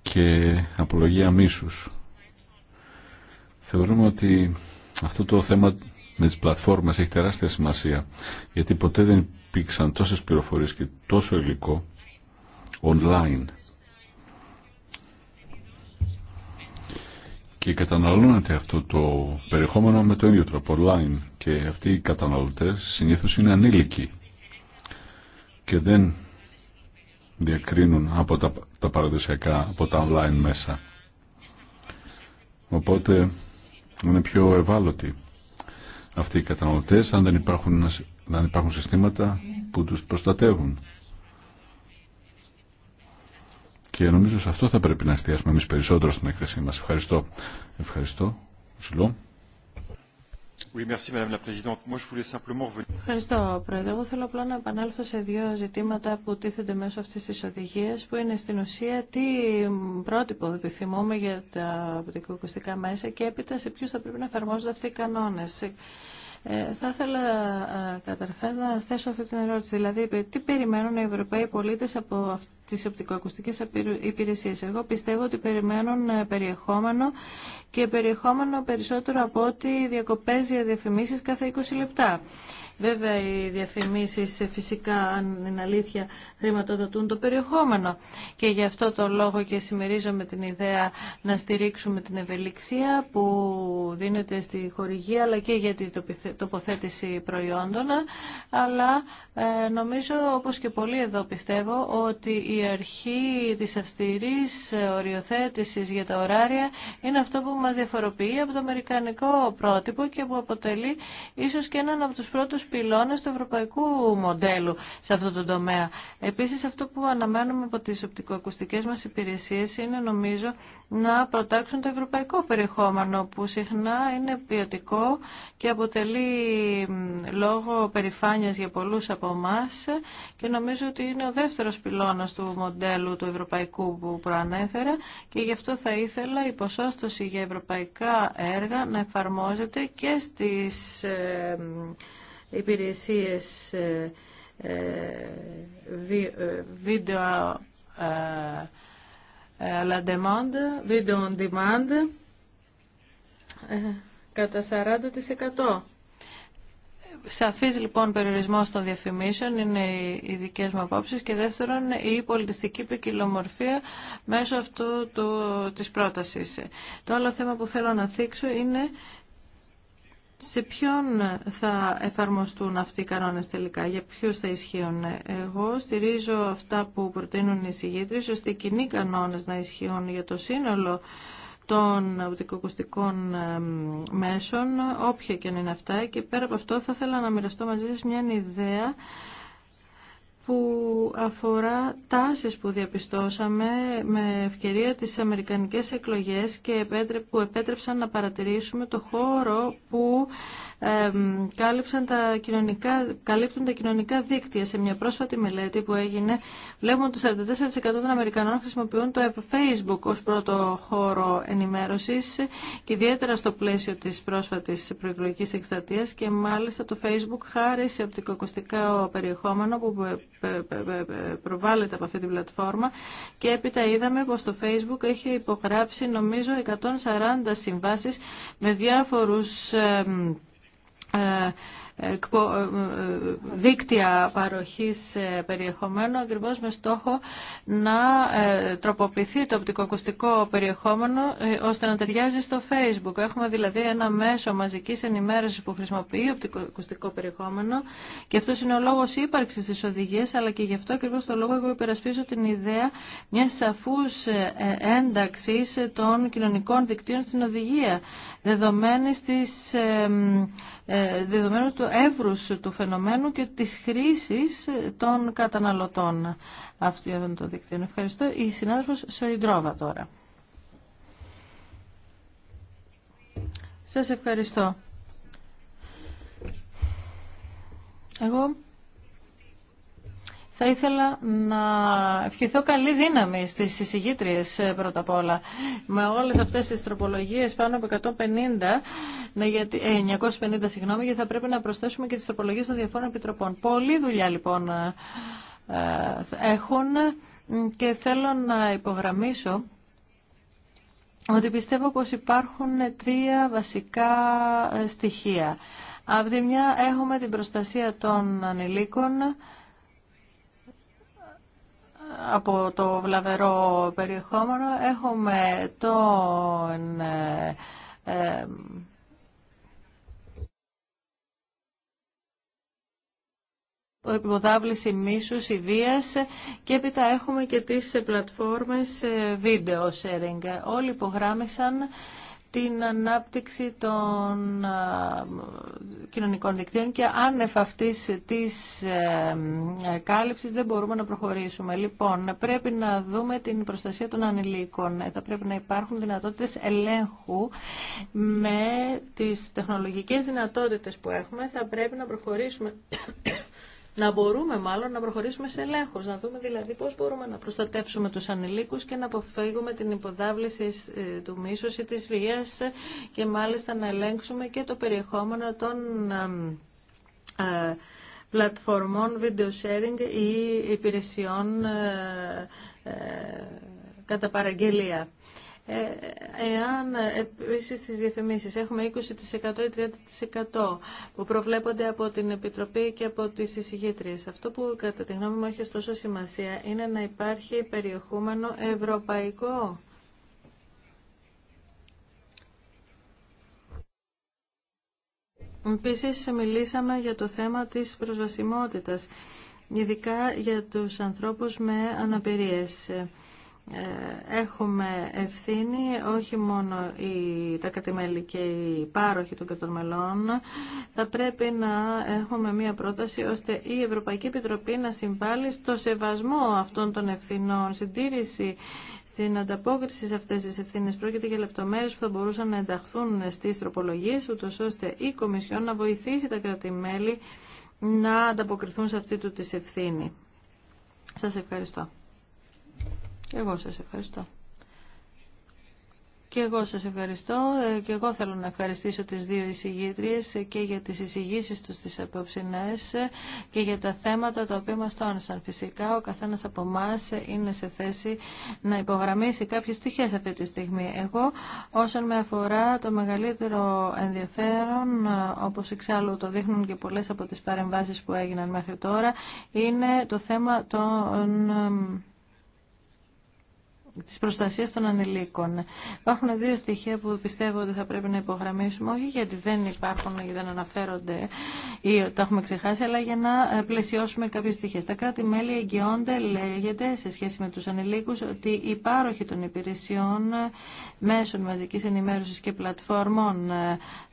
και απολογία μίσους. Θεωρούμε ότι αυτό το θέμα με τις πλατφόρμες έχει τεράστια σημασία γιατί ποτέ δεν υπήρξαν τόσες πληροφορίες και τόσο υλικό online και καταναλώνεται αυτό το περιεχόμενο με το ίδιο τρόπο online και αυτοί οι καταναλωτές συνήθως είναι ανήλικοι και δεν διακρίνουν από τα, τα παραδοσιακά, από τα online μέσα. Οπότε είναι πιο ευάλωτοι αυτοί οι καταναλωτές αν δεν υπάρχουν, υπάρχουν συστήματα που τους προστατεύουν. Και νομίζω σε αυτό θα πρέπει να εστιάσουμε εμεί περισσότερο στην έκθεσή μα. Ευχαριστώ. Ευχαριστώ. Ζηλώ. Ευχαριστώ, Πρόεδρε. Εγώ θέλω απλά να επανέλθω σε δύο ζητήματα που τίθενται μέσω αυτή τη οδηγία, που είναι στην ουσία τι πρότυπο επιθυμούμε για τα οπτικοακουστικά μέσα και έπειτα σε ποιου θα πρέπει να εφαρμόζονται αυτοί οι κανόνε. Ε, θα ήθελα ε, καταρχά να θέσω αυτή την ερώτηση. Δηλαδή, τι περιμένουν οι Ευρωπαίοι πολίτες από τι οπτικοακουστικές Υπηρεσίε. Εγώ πιστεύω ότι περιμένουν ε, περιεχόμενο και περιεχόμενο περισσότερο από ό,τι διακοπές διαφημίσει κάθε 20 λεπτά. Βέβαια οι διαφημίσεις ε, φυσικά αν είναι αλήθεια χρηματοδοτούν το περιεχόμενο και γι' αυτό το λόγο και συμμερίζομαι την ιδέα να στηρίξουμε την ευελιξία που δίνεται στη χορηγία αλλά και για την τοποθέτηση προϊόντων αλλά ε, νομίζω όπως και πολλοί εδώ πιστεύω ότι η αρχή της αυστηρής οριοθέτησης για τα ωράρια είναι αυτό που μας διαφοροποιεί από το αμερικανικό πρότυπο και που αποτελεί ίσως και έναν από τους πρώτους τους πυλώνες του ευρωπαϊκού μοντέλου σε αυτό το τομέα. Επίσης αυτό που αναμένουμε από τις οπτικοακουστικές μας υπηρεσίες είναι νομίζω να προτάξουν το ευρωπαϊκό περιεχόμενο που συχνά είναι ποιοτικό και αποτελεί λόγο περηφάνειας για πολλούς από εμά και νομίζω ότι είναι ο δεύτερος πυλώνας του μοντέλου του ευρωπαϊκού που προανέφερα και γι' αυτό θα ήθελα η ποσόστοση για ευρωπαϊκά έργα να εφαρμόζεται και στις ε, υπηρεσίες ε, ε, ε, βίντεο αλλά demand, video on demand κατά 40%. Σαφής λοιπόν περιορισμός των διαφημίσεων είναι οι δικές μου απόψεις και δεύτερον η πολιτιστική ποικιλομορφία μέσω αυτού του, της πρότασης. Το άλλο θέμα που θέλω να θίξω είναι σε ποιον θα εφαρμοστούν αυτοί οι κανόνες τελικά, για ποιους θα ισχύουν. Εγώ στηρίζω αυτά που προτείνουν οι συγγήτρες, ώστε οι κοινοί κανόνες να ισχύουν για το σύνολο των οπτικοκουστικών μέσων, όποια και αν είναι αυτά. Και πέρα από αυτό θα ήθελα να μοιραστώ μαζί σας μια ιδέα που αφορά τάσεις που διαπιστώσαμε με ευκαιρία τις Αμερικανικές εκλογές και που επέτρεψαν να παρατηρήσουμε το χώρο που κάλυψαν τα κοινωνικά, καλύπτουν τα κοινωνικά δίκτυα. Σε μια πρόσφατη μελέτη που έγινε, βλέπουμε ότι 44% των Αμερικανών χρησιμοποιούν το Facebook ως πρώτο χώρο ενημέρωσης και ιδιαίτερα στο πλαίσιο της πρόσφατης προεκλογικής εκστατείας και μάλιστα το Facebook χάρη σε οπτικοκοστικά περιεχόμενο που προβάλλεται από αυτή την πλατφόρμα και έπειτα είδαμε πως το Facebook έχει υπογράψει νομίζω 140 συμβάσεις με διάφορους Εντάξει. Ε, ε, δίκτυα παροχής ε, περιεχομένου ακριβώς με στόχο να τροποποιηθεί το οπτικοακουστικό περιεχόμενο ώστε να ταιριάζει στο facebook. Έχουμε δηλαδή ένα μέσο μαζικής ενημέρωσης που χρησιμοποιεί οπτικοακουστικό περιεχόμενο και αυτός είναι ο λόγος ύπαρξης της οδηγίας αλλά και γι' αυτό ακριβώς το λόγο εγώ υπερασπίζω την ιδέα μιας σαφούς ένταξης των κοινωνικών δικτύων στην οδηγία δεδομένης δεδομένου του εύρους του φαινομένου και της χρήσης των καταναλωτών αυτών των δικτύων. Ευχαριστώ. Η συνάδελφος Σοριντρόβα τώρα. Σας ευχαριστώ. Εγώ θα ήθελα να ευχηθώ καλή δύναμη στις εισηγήτριες ε, πρώτα απ' όλα. Με όλες αυτές τις τροπολογίες πάνω από 150, 950 ναι, ε, συγγνώμη, γιατί θα πρέπει να προσθέσουμε και τις τροπολογίες των διαφόρων επιτροπών. Πολλή δουλειά λοιπόν ε, έχουν και θέλω να υπογραμμίσω ότι πιστεύω πως υπάρχουν τρία βασικά στοιχεία. Από τη μια έχουμε την προστασία των ανηλίκων, από το βλαβερό περιεχόμενο έχουμε τον ε, ε υποδάβληση μίσους, και έπειτα έχουμε και τις πλατφόρμες ε, βίντεο sharing. Όλοι υπογράμμισαν την ανάπτυξη των κοινωνικών δικτύων και άνευ αυτής της ε, ε, κάλυψης δεν μπορούμε να προχωρήσουμε. Λοιπόν, πρέπει να δούμε την προστασία των ανηλίκων. Ε, θα πρέπει να υπάρχουν δυνατότητες ελέγχου με τις τεχνολογικές δυνατότητες που έχουμε. Θα πρέπει να προχωρήσουμε να μπορούμε μάλλον να προχωρήσουμε σε ελέγχου, να δούμε δηλαδή πώς μπορούμε να προστατεύσουμε τους ανηλίκους και να αποφύγουμε την υποδάβληση ε, του μίσου ή τη βία, και μάλιστα να ελέγξουμε και το περιεχόμενο των ε, πλατφορμών video sharing ή υπηρεσιών ε, κατά παραγγελία. Ε, εάν ε, επίσης στις διαφημίσεις έχουμε 20% ή 30% που προβλέπονται από την Επιτροπή και από τις εισηγήτριες. Αυτό που κατά τη γνώμη μου έχει ωστόσο σημασία είναι να υπάρχει περιεχόμενο ευρωπαϊκό. Επίση, μιλήσαμε για το θέμα της προσβασιμότητας, ειδικά για τους ανθρώπους με αναπηρίες. Ε, έχουμε ευθύνη όχι μόνο οι, τα κατημέλη και οι πάροχοι των κατορμελών θα πρέπει να έχουμε μία πρόταση ώστε η Ευρωπαϊκή Επιτροπή να συμβάλλει στο σεβασμό αυτών των ευθυνών, συντήρηση στην ανταπόκριση σε αυτές τις ευθύνες πρόκειται για λεπτομέρειες που θα μπορούσαν να ενταχθούν στις τροπολογίες, ούτως ώστε η Κομισιόν να βοηθήσει τα κρατημέλη να ανταποκριθούν σε αυτή του τη ευθύνη. Σας ευχαριστώ. Και εγώ σας ευχαριστώ. Και εγώ σας ευχαριστώ ε, και εγώ θέλω να ευχαριστήσω τις δύο εισηγήτριες ε, και για τις εισηγήσεις τους τις απόψινές ε, και για τα θέματα τα οποία μας τόνισαν. Φυσικά ο καθένας από εμά είναι σε θέση να υπογραμμίσει κάποιες στοιχές αυτή τη στιγμή. Εγώ όσον με αφορά το μεγαλύτερο ενδιαφέρον, όπως εξάλλου το δείχνουν και πολλές από τις παρεμβάσεις που έγιναν μέχρι τώρα, είναι το θέμα των της προστασίας των ανηλίκων. Υπάρχουν δύο στοιχεία που πιστεύω ότι θα πρέπει να υπογραμμίσουμε, όχι γιατί δεν υπάρχουν ή δεν αναφέρονται ή τα έχουμε ξεχάσει, αλλά για να ε, πλαισιώσουμε κάποιες στοιχεία. Τα κράτη-μέλη εγγυώνται, λέγεται, σε σχέση με τους ανηλίκους, ότι οι πάροχοι των υπηρεσιών ε, μέσων μαζικής ενημέρωσης και πλατφόρμων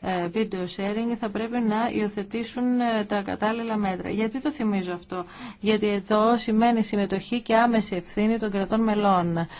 ε, video sharing θα πρέπει να υιοθετήσουν τα κατάλληλα μέτρα. Γιατί το θυμίζω αυτό. Γιατί εδώ σημαίνει συμμετοχή και άμεση ευθύνη των κρατών μελών.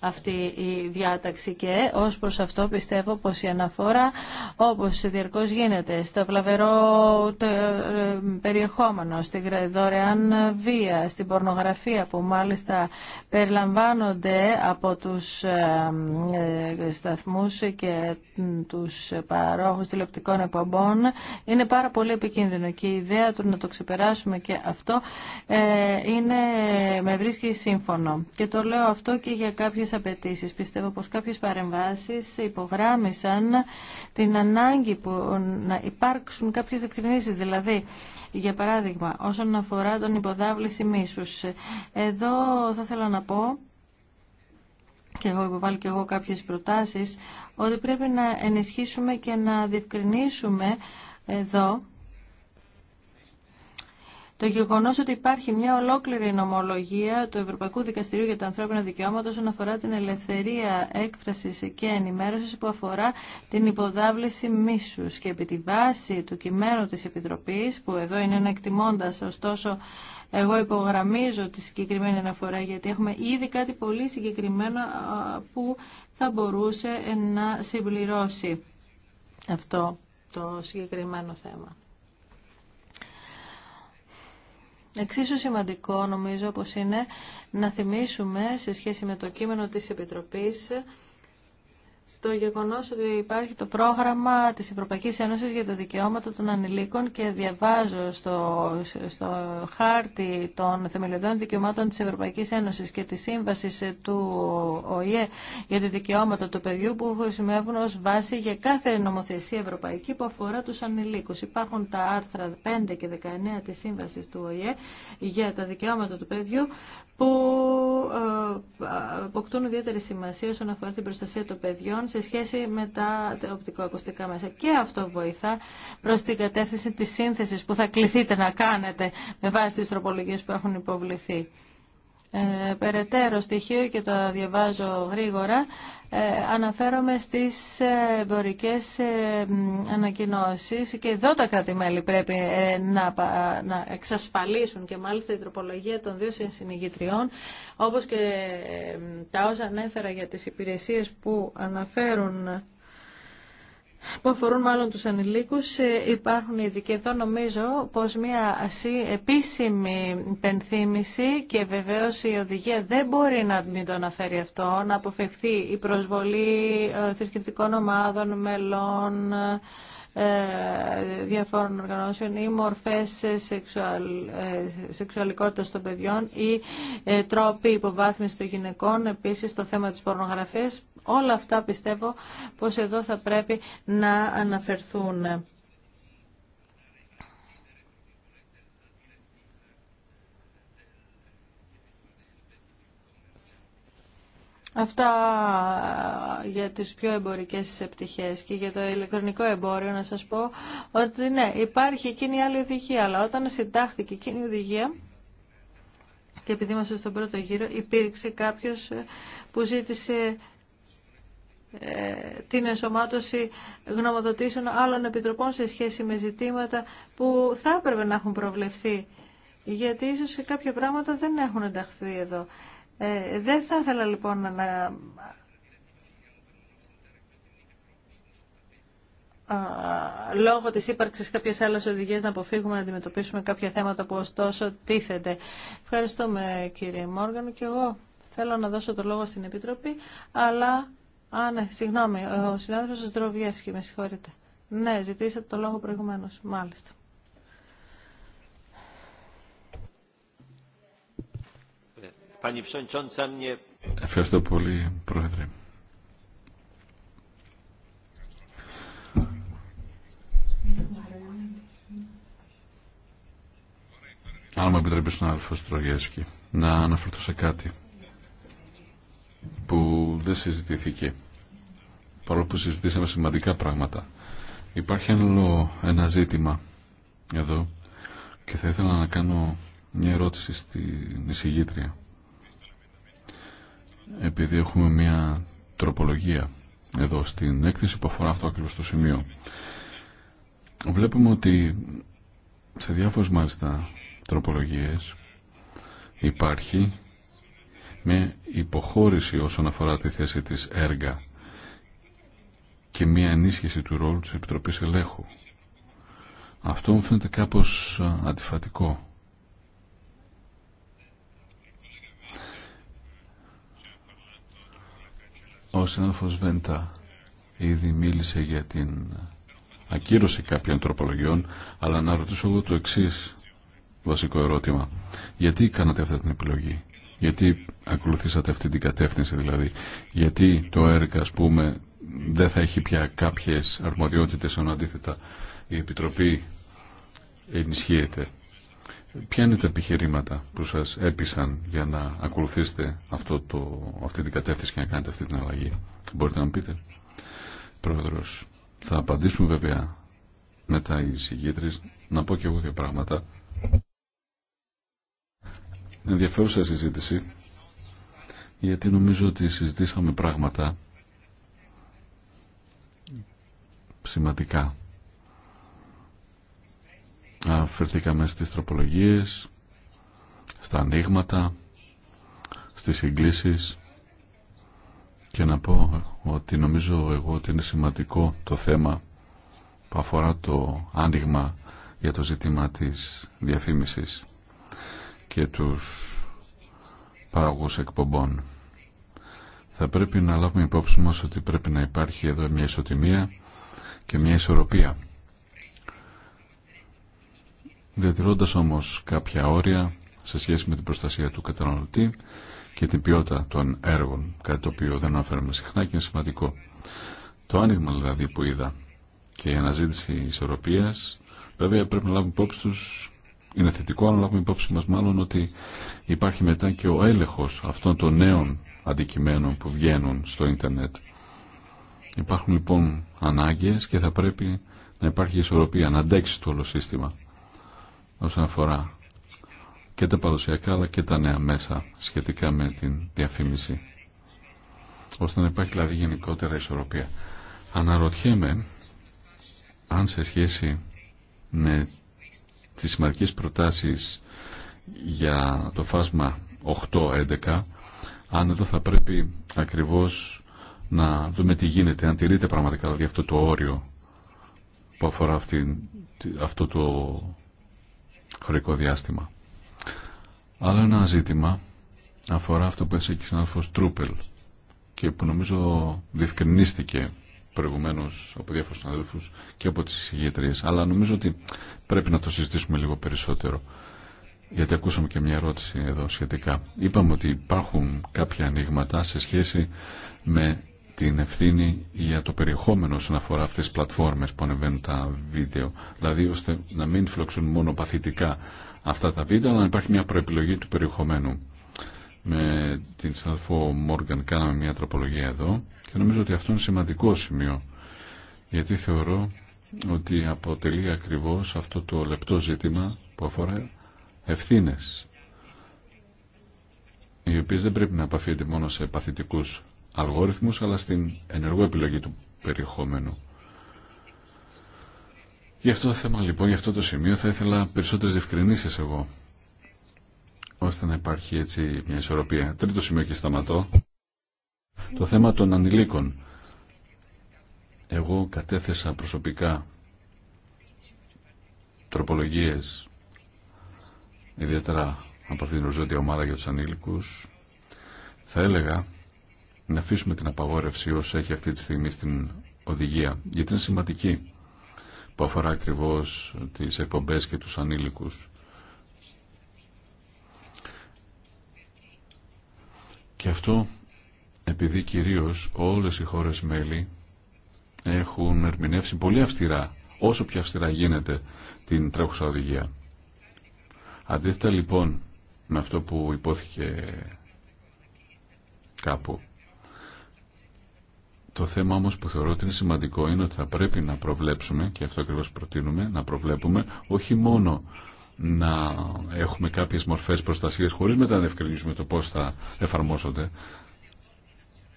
αυτή η διάταξη και ως προς αυτό πιστεύω πως η αναφορά όπως διαρκώς γίνεται στο βλαβερό ε, περιεχόμενο, στη δωρεάν βία, στην πορνογραφία που μάλιστα περιλαμβάνονται από τους ε, ε, σταθμούς και τους παρόχους τηλεοπτικών εκπομπών είναι πάρα πολύ επικίνδυνο και η ιδέα του να το ξεπεράσουμε και αυτό είναι, με βρίσκει σύμφωνο και το λέω αυτό και για κάποιες Πιστεύω πως κάποιες παρεμβάσεις υπογράμμισαν την ανάγκη που να υπάρξουν κάποιες διευκρινήσεις. Δηλαδή, για παράδειγμα, όσον αφορά τον υποδάβληση μίσους. Εδώ θα ήθελα να πω και εγώ υποβάλλω και εγώ κάποιες προτάσεις, ότι πρέπει να ενισχύσουμε και να διευκρινίσουμε εδώ το γεγονό ότι υπάρχει μια ολόκληρη νομολογία του Ευρωπαϊκού Δικαστηρίου για τα Ανθρώπινα Δικαιώματα όσον αφορά την ελευθερία έκφραση και ενημέρωση που αφορά την υποδάβληση μίσου. Και επί τη βάση του κειμένου τη Επιτροπή, που εδώ είναι ένα εκτιμώντα, ωστόσο εγώ υπογραμμίζω τη συγκεκριμένη αναφορά γιατί έχουμε ήδη κάτι πολύ συγκεκριμένο που θα μπορούσε να συμπληρώσει αυτό το συγκεκριμένο θέμα. Εξίσου σημαντικό νομίζω πως είναι να θυμίσουμε σε σχέση με το κείμενο της Επιτροπής το γεγονός ότι υπάρχει το πρόγραμμα της Ευρωπαϊκής Ένωσης για το δικαιώματα των ανηλίκων και διαβάζω στο, στο χάρτη των θεμελιωδών δικαιωμάτων της Ευρωπαϊκής Ένωσης και της σύμβασης του ΟΗΕ για τα δικαιώματα του παιδιού που χρησιμεύουν ως βάση για κάθε νομοθεσία ευρωπαϊκή που αφορά τους ανηλίκους. Υπάρχουν τα άρθρα 5 και 19 της σύμβασης του ΟΗΕ για τα δικαιώματα του παιδιού που ε, αποκτούν ιδιαίτερη σημασία όσον αφορά την προστασία των παιδιών σε σχέση με τα οπτικοακουστικά μέσα. Και αυτό βοηθά προς την κατεύθυνση της σύνθεσης που θα κληθείτε να κάνετε με βάση τις τροπολογίες που έχουν υποβληθεί ε, περαιτέρω στοιχείο και το διαβάζω γρήγορα ε, αναφέρομαι στις εμπορικέ ε, ανακοινώσεις και εδώ τα κρατη πρέπει ε, να, εξασφαλίσουν και μάλιστα η τροπολογία των δύο συνηγητριών όπως και ε, τα όσα ανέφερα για τις υπηρεσίες που αναφέρουν που αφορούν μάλλον τους ανηλίκους. Ε, υπάρχουν ήδη και εδώ νομίζω πως μια επίσημη πενθύμηση και βεβαίως η οδηγία δεν μπορεί να μην το αναφέρει αυτό, να αποφευχθεί η προσβολή ε, θρησκευτικών ομάδων, μελών, ε, διαφόρων οργανώσεων ή μορφές σεξουαλ, σεξουαλικότητας των παιδιών ή τρόποι υποβάθμισης των γυναικών. Επίσης, το θέμα της πορνογραφίας Όλα αυτά πιστεύω πως εδώ θα πρέπει να αναφερθούν. Αυτά για τις πιο εμπορικές επιτυχίες και για το ηλεκτρονικό εμπόριο να σας πω ότι ναι υπάρχει εκείνη η άλλη οδηγία αλλά όταν συντάχθηκε εκείνη η οδηγία και επειδή είμαστε στον πρώτο γύρο υπήρξε κάποιος που ζήτησε την ενσωμάτωση γνωμοδοτήσεων άλλων επιτροπών σε σχέση με ζητήματα που θα έπρεπε να έχουν προβλεφθεί. Γιατί ίσως κάποια πράγματα δεν έχουν ενταχθεί εδώ. Ε, δεν θα ήθελα λοιπόν να λόγω της ύπαρξης κάποιες άλλες οδηγίες να αποφύγουμε να αντιμετωπίσουμε κάποια θέματα που ωστόσο τίθενται. Ευχαριστούμε κύριε Μόργαν και εγώ θέλω να δώσω το λόγο στην Επιτροπή, αλλά Α, ναι, συγγνώμη, ο συνάδελφος Σδροβιεύσκη, με συγχωρείτε. Ναι, ζητήσατε το λόγο προηγουμένω. μάλιστα. Ευχαριστώ πολύ, Πρόεδρε. Αν μου επιτρέπει ο συνάδελφος να αναφερθώ σε κάτι που δεν συζητηθήκε παρόλο που συζητήσαμε σημαντικά πράγματα. Υπάρχει ένα ζήτημα εδώ και θα ήθελα να κάνω μια ερώτηση στην εισηγήτρια. Επειδή έχουμε μια τροπολογία εδώ στην έκθεση που αφορά αυτό ακριβώς το σημείο. Βλέπουμε ότι σε διάφορες μάλιστα τροπολογίες υπάρχει με υποχώρηση όσον αφορά τη θέση της έργα και μια ενίσχυση του ρόλου της Επιτροπής Ελέγχου. Αυτό μου φαίνεται κάπως αντιφατικό. Ο συνάδελφος Βέντα ήδη μίλησε για την ακύρωση κάποιων τροπολογιών, αλλά να ρωτήσω εγώ το εξής βασικό ερώτημα. Γιατί κάνατε αυτή την επιλογή γιατί ακολουθήσατε αυτή την κατεύθυνση δηλαδή, γιατί το έργο ας πούμε δεν θα έχει πια κάποιες αρμοδιότητες ενώ αντίθετα η Επιτροπή ενισχύεται. Ποια είναι τα επιχειρήματα που σας έπεισαν για να ακολουθήσετε αυτό το, αυτή την κατεύθυνση και να κάνετε αυτή την αλλαγή. Μπορείτε να μου πείτε. Πρόεδρος, θα απαντήσουμε βέβαια μετά οι συγκίτρες. Να πω και εγώ δύο πράγματα ενδιαφέρουσα συζήτηση γιατί νομίζω ότι συζητήσαμε πράγματα σημαντικά. Αφερθήκαμε στις τροπολογίες, στα ανοίγματα, στις συγκλήσεις και να πω ότι νομίζω εγώ ότι είναι σημαντικό το θέμα που αφορά το άνοιγμα για το ζήτημα της διαφήμισης και τους παραγωγούς εκπομπών. Θα πρέπει να λάβουμε υπόψη μας ότι πρέπει να υπάρχει εδώ μια ισοτιμία και μια ισορροπία. Διατηρώντας όμως κάποια όρια σε σχέση με την προστασία του καταναλωτή και την ποιότητα των έργων, κάτι το οποίο δεν αναφέρουμε συχνά και είναι σημαντικό. Το άνοιγμα δηλαδή που είδα και η αναζήτηση ισορροπίας, βέβαια πρέπει να λάβουμε υπόψη τους είναι θετικό, αλλά έχουμε υπόψη μας μάλλον ότι υπάρχει μετά και ο έλεγχος αυτών των νέων αντικειμένων που βγαίνουν στο ίντερνετ. Υπάρχουν λοιπόν ανάγκες και θα πρέπει να υπάρχει ισορροπία, να αντέξει το όλο σύστημα όσον αφορά και τα παρουσιακά αλλά και τα νέα μέσα σχετικά με την διαφήμιση ώστε να υπάρχει δηλαδή γενικότερα ισορροπία. Αναρωτιέμαι αν σε σχέση με τις σημαντικές προτάσεις για το φάσμα 8-11, αν εδώ θα πρέπει ακριβώς να δούμε τι γίνεται, αν τηρείται πραγματικά δηλαδή αυτό το όριο που αφορά αυτό το χρονικό διάστημα. Άλλο ένα ζήτημα αφορά αυτό που έσαι και συνάδελφος Τρούπελ και που νομίζω διευκρινίστηκε Προηγουμένω από διάφορου συναδέλφου και από τις ηγετρίες. Αλλά νομίζω ότι πρέπει να το συζητήσουμε λίγο περισσότερο. Γιατί ακούσαμε και μια ερώτηση εδώ σχετικά. Είπαμε ότι υπάρχουν κάποια ανοίγματα σε σχέση με την ευθύνη για το περιεχόμενο όσον αφορά αυτέ τις πλατφόρμες που ανεβαίνουν τα βίντεο. Δηλαδή ώστε να μην φιλοξενούν μόνο παθητικά αυτά τα βίντεο, αλλά να υπάρχει μια προεπιλογή του περιεχομένου με την συνάδελφο Μόργαν κάναμε μια τροπολογία εδώ και νομίζω ότι αυτό είναι σημαντικό σημείο γιατί θεωρώ ότι αποτελεί ακριβώς αυτό το λεπτό ζήτημα που αφορά ευθύνες οι οποίες δεν πρέπει να επαφείται μόνο σε παθητικούς αλγόριθμους αλλά στην ενεργό επιλογή του περιεχόμενου. Γι' αυτό το θέμα λοιπόν, γι' αυτό το σημείο θα ήθελα περισσότερες διευκρινήσεις εγώ ώστε να υπάρχει έτσι μια ισορροπία. Τρίτο σημείο και σταματώ. Το θέμα των ανηλίκων. Εγώ κατέθεσα προσωπικά τροπολογίες ιδιαίτερα από αυτήν την οριζόντια ομάδα για τους ανήλικους θα έλεγα να αφήσουμε την απαγόρευση όσο έχει αυτή τη στιγμή στην οδηγία γιατί είναι σημαντική που αφορά ακριβώς τις εκπομπές και τους ανήλικους Και αυτό επειδή κυρίως όλες οι χώρες μέλη έχουν ερμηνεύσει πολύ αυστηρά, όσο πιο αυστηρά γίνεται, την τρέχουσα οδηγία. Αντίθετα λοιπόν με αυτό που υπόθηκε κάπου, το θέμα όμως που θεωρώ ότι είναι σημαντικό είναι ότι θα πρέπει να προβλέψουμε, και αυτό ακριβώς προτείνουμε, να προβλέπουμε όχι μόνο να έχουμε κάποιες μορφές προστασίας χωρίς μετά να ευκρινίσουμε το πώς θα εφαρμόζονται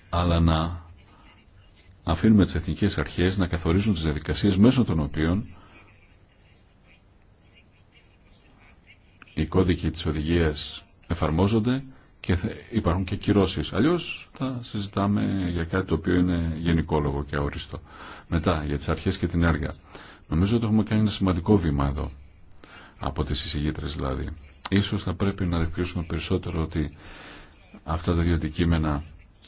αλλά να αφήνουμε τις εθνικές αρχές να καθορίζουν τις διαδικασίες μέσω των οποίων οι κώδικοι της οδηγίας εφαρμόζονται και υπάρχουν και κυρώσεις. Αλλιώς θα συζητάμε για κάτι το οποίο είναι γενικόλογο και αόριστο. Μετά, για τις αρχές και την έργα. Νομίζω ότι έχουμε κάνει ένα σημαντικό βήμα εδώ από τις εισηγήτρες δηλαδή. Ίσως θα πρέπει να διευκρινίσουμε περισσότερο ότι αυτά τα δύο αντικείμενα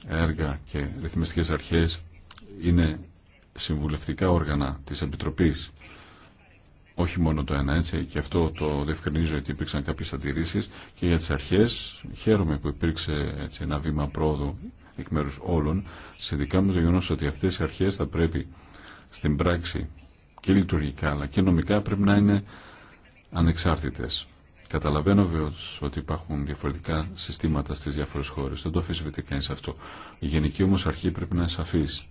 έργα και ρυθμιστικές αρχές είναι συμβουλευτικά όργανα της Επιτροπής όχι μόνο το ένα έτσι και αυτό το διευκρινίζω ότι υπήρξαν κάποιες αντιρρήσεις και για τις αρχές χαίρομαι που υπήρξε έτσι, ένα βήμα πρόοδου εκ μέρους όλων σχετικά με το γεγονό ότι αυτές οι αρχές θα πρέπει στην πράξη και λειτουργικά αλλά και νομικά πρέπει να είναι ανεξάρτητες. Καταλαβαίνω βέβαια ότι υπάρχουν διαφορετικά συστήματα στις διάφορες χώρες. Δεν το αφισβητεί κανεί αυτό. Η γενική όμως αρχή πρέπει να είναι σαφής.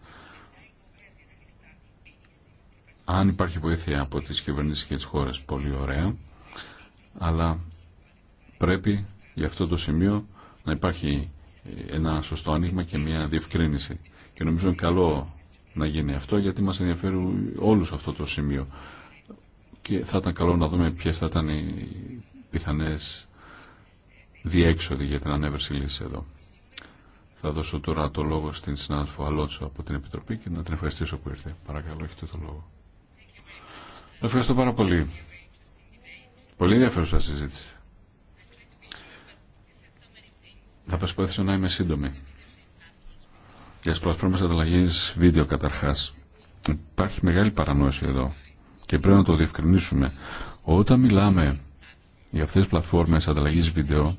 Αν υπάρχει βοήθεια από τις κυβερνήσεις και τι χώρε, πολύ ωραία. Αλλά πρέπει για αυτό το σημείο να υπάρχει ένα σωστό άνοιγμα και μια διευκρίνηση. Και νομίζω είναι καλό να γίνει αυτό γιατί μας ενδιαφέρει όλους αυτό το σημείο και θα ήταν καλό να δούμε ποιες θα ήταν οι πιθανές διέξοδοι για την ανέβρεση λύση εδώ. Θα δώσω τώρα το λόγο στην συνάδελφο Αλότσο από την Επιτροπή και να την ευχαριστήσω που ήρθε. Παρακαλώ, έχετε το λόγο. Ευχαριστώ πάρα πολύ. Πολύ ενδιαφέρουσα συζήτηση. Θα προσπαθήσω να είμαι σύντομη. Για τι πλατφόρμε ανταλλαγή βίντεο καταρχά. Υπάρχει μεγάλη παρανόηση εδώ και πρέπει να το διευκρινίσουμε. Όταν μιλάμε για αυτές τις πλατφόρμες ανταλλαγής βίντεο,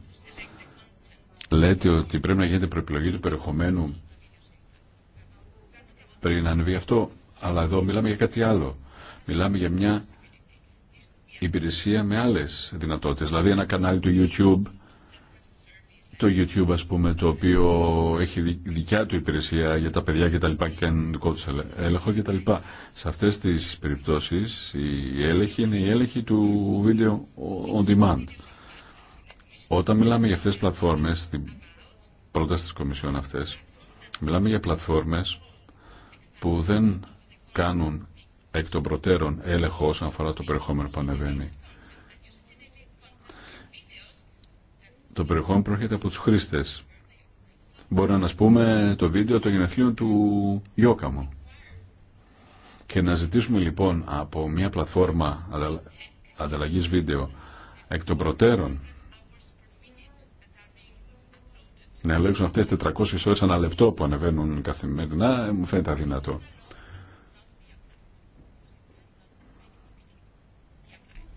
λέτε ότι πρέπει να γίνεται προεπιλογή του περιεχομένου πριν να ανεβεί αυτό, αλλά εδώ μιλάμε για κάτι άλλο. Μιλάμε για μια υπηρεσία με άλλες δυνατότητες, δηλαδή ένα κανάλι του YouTube το YouTube ας πούμε το οποίο έχει δικιά του υπηρεσία για τα παιδιά και τα λοιπά και κάνει δικό του έλεγχο και τα λοιπά. Σε αυτές τις περιπτώσεις η έλεγχη είναι η έλεγχη του video on demand. Όταν μιλάμε για αυτές τις πλατφόρμες, την πρόταση της Κομισιόν αυτές, μιλάμε για πλατφόρμες που δεν κάνουν εκ των προτέρων έλεγχο όσον αφορά το περιεχόμενο που ανεβαίνει. το περιεχόμενο προέρχεται από τους χρήστες. Μπορεί να πούμε το βίντεο των γενεθλίων του Γιώκα Και να ζητήσουμε λοιπόν από μια πλατφόρμα ανταλλαγή βίντεο εκ των προτέρων να ελέγξουν αυτές 400 ώρες ένα λεπτό που ανεβαίνουν καθημερινά μου φαίνεται αδυνατό.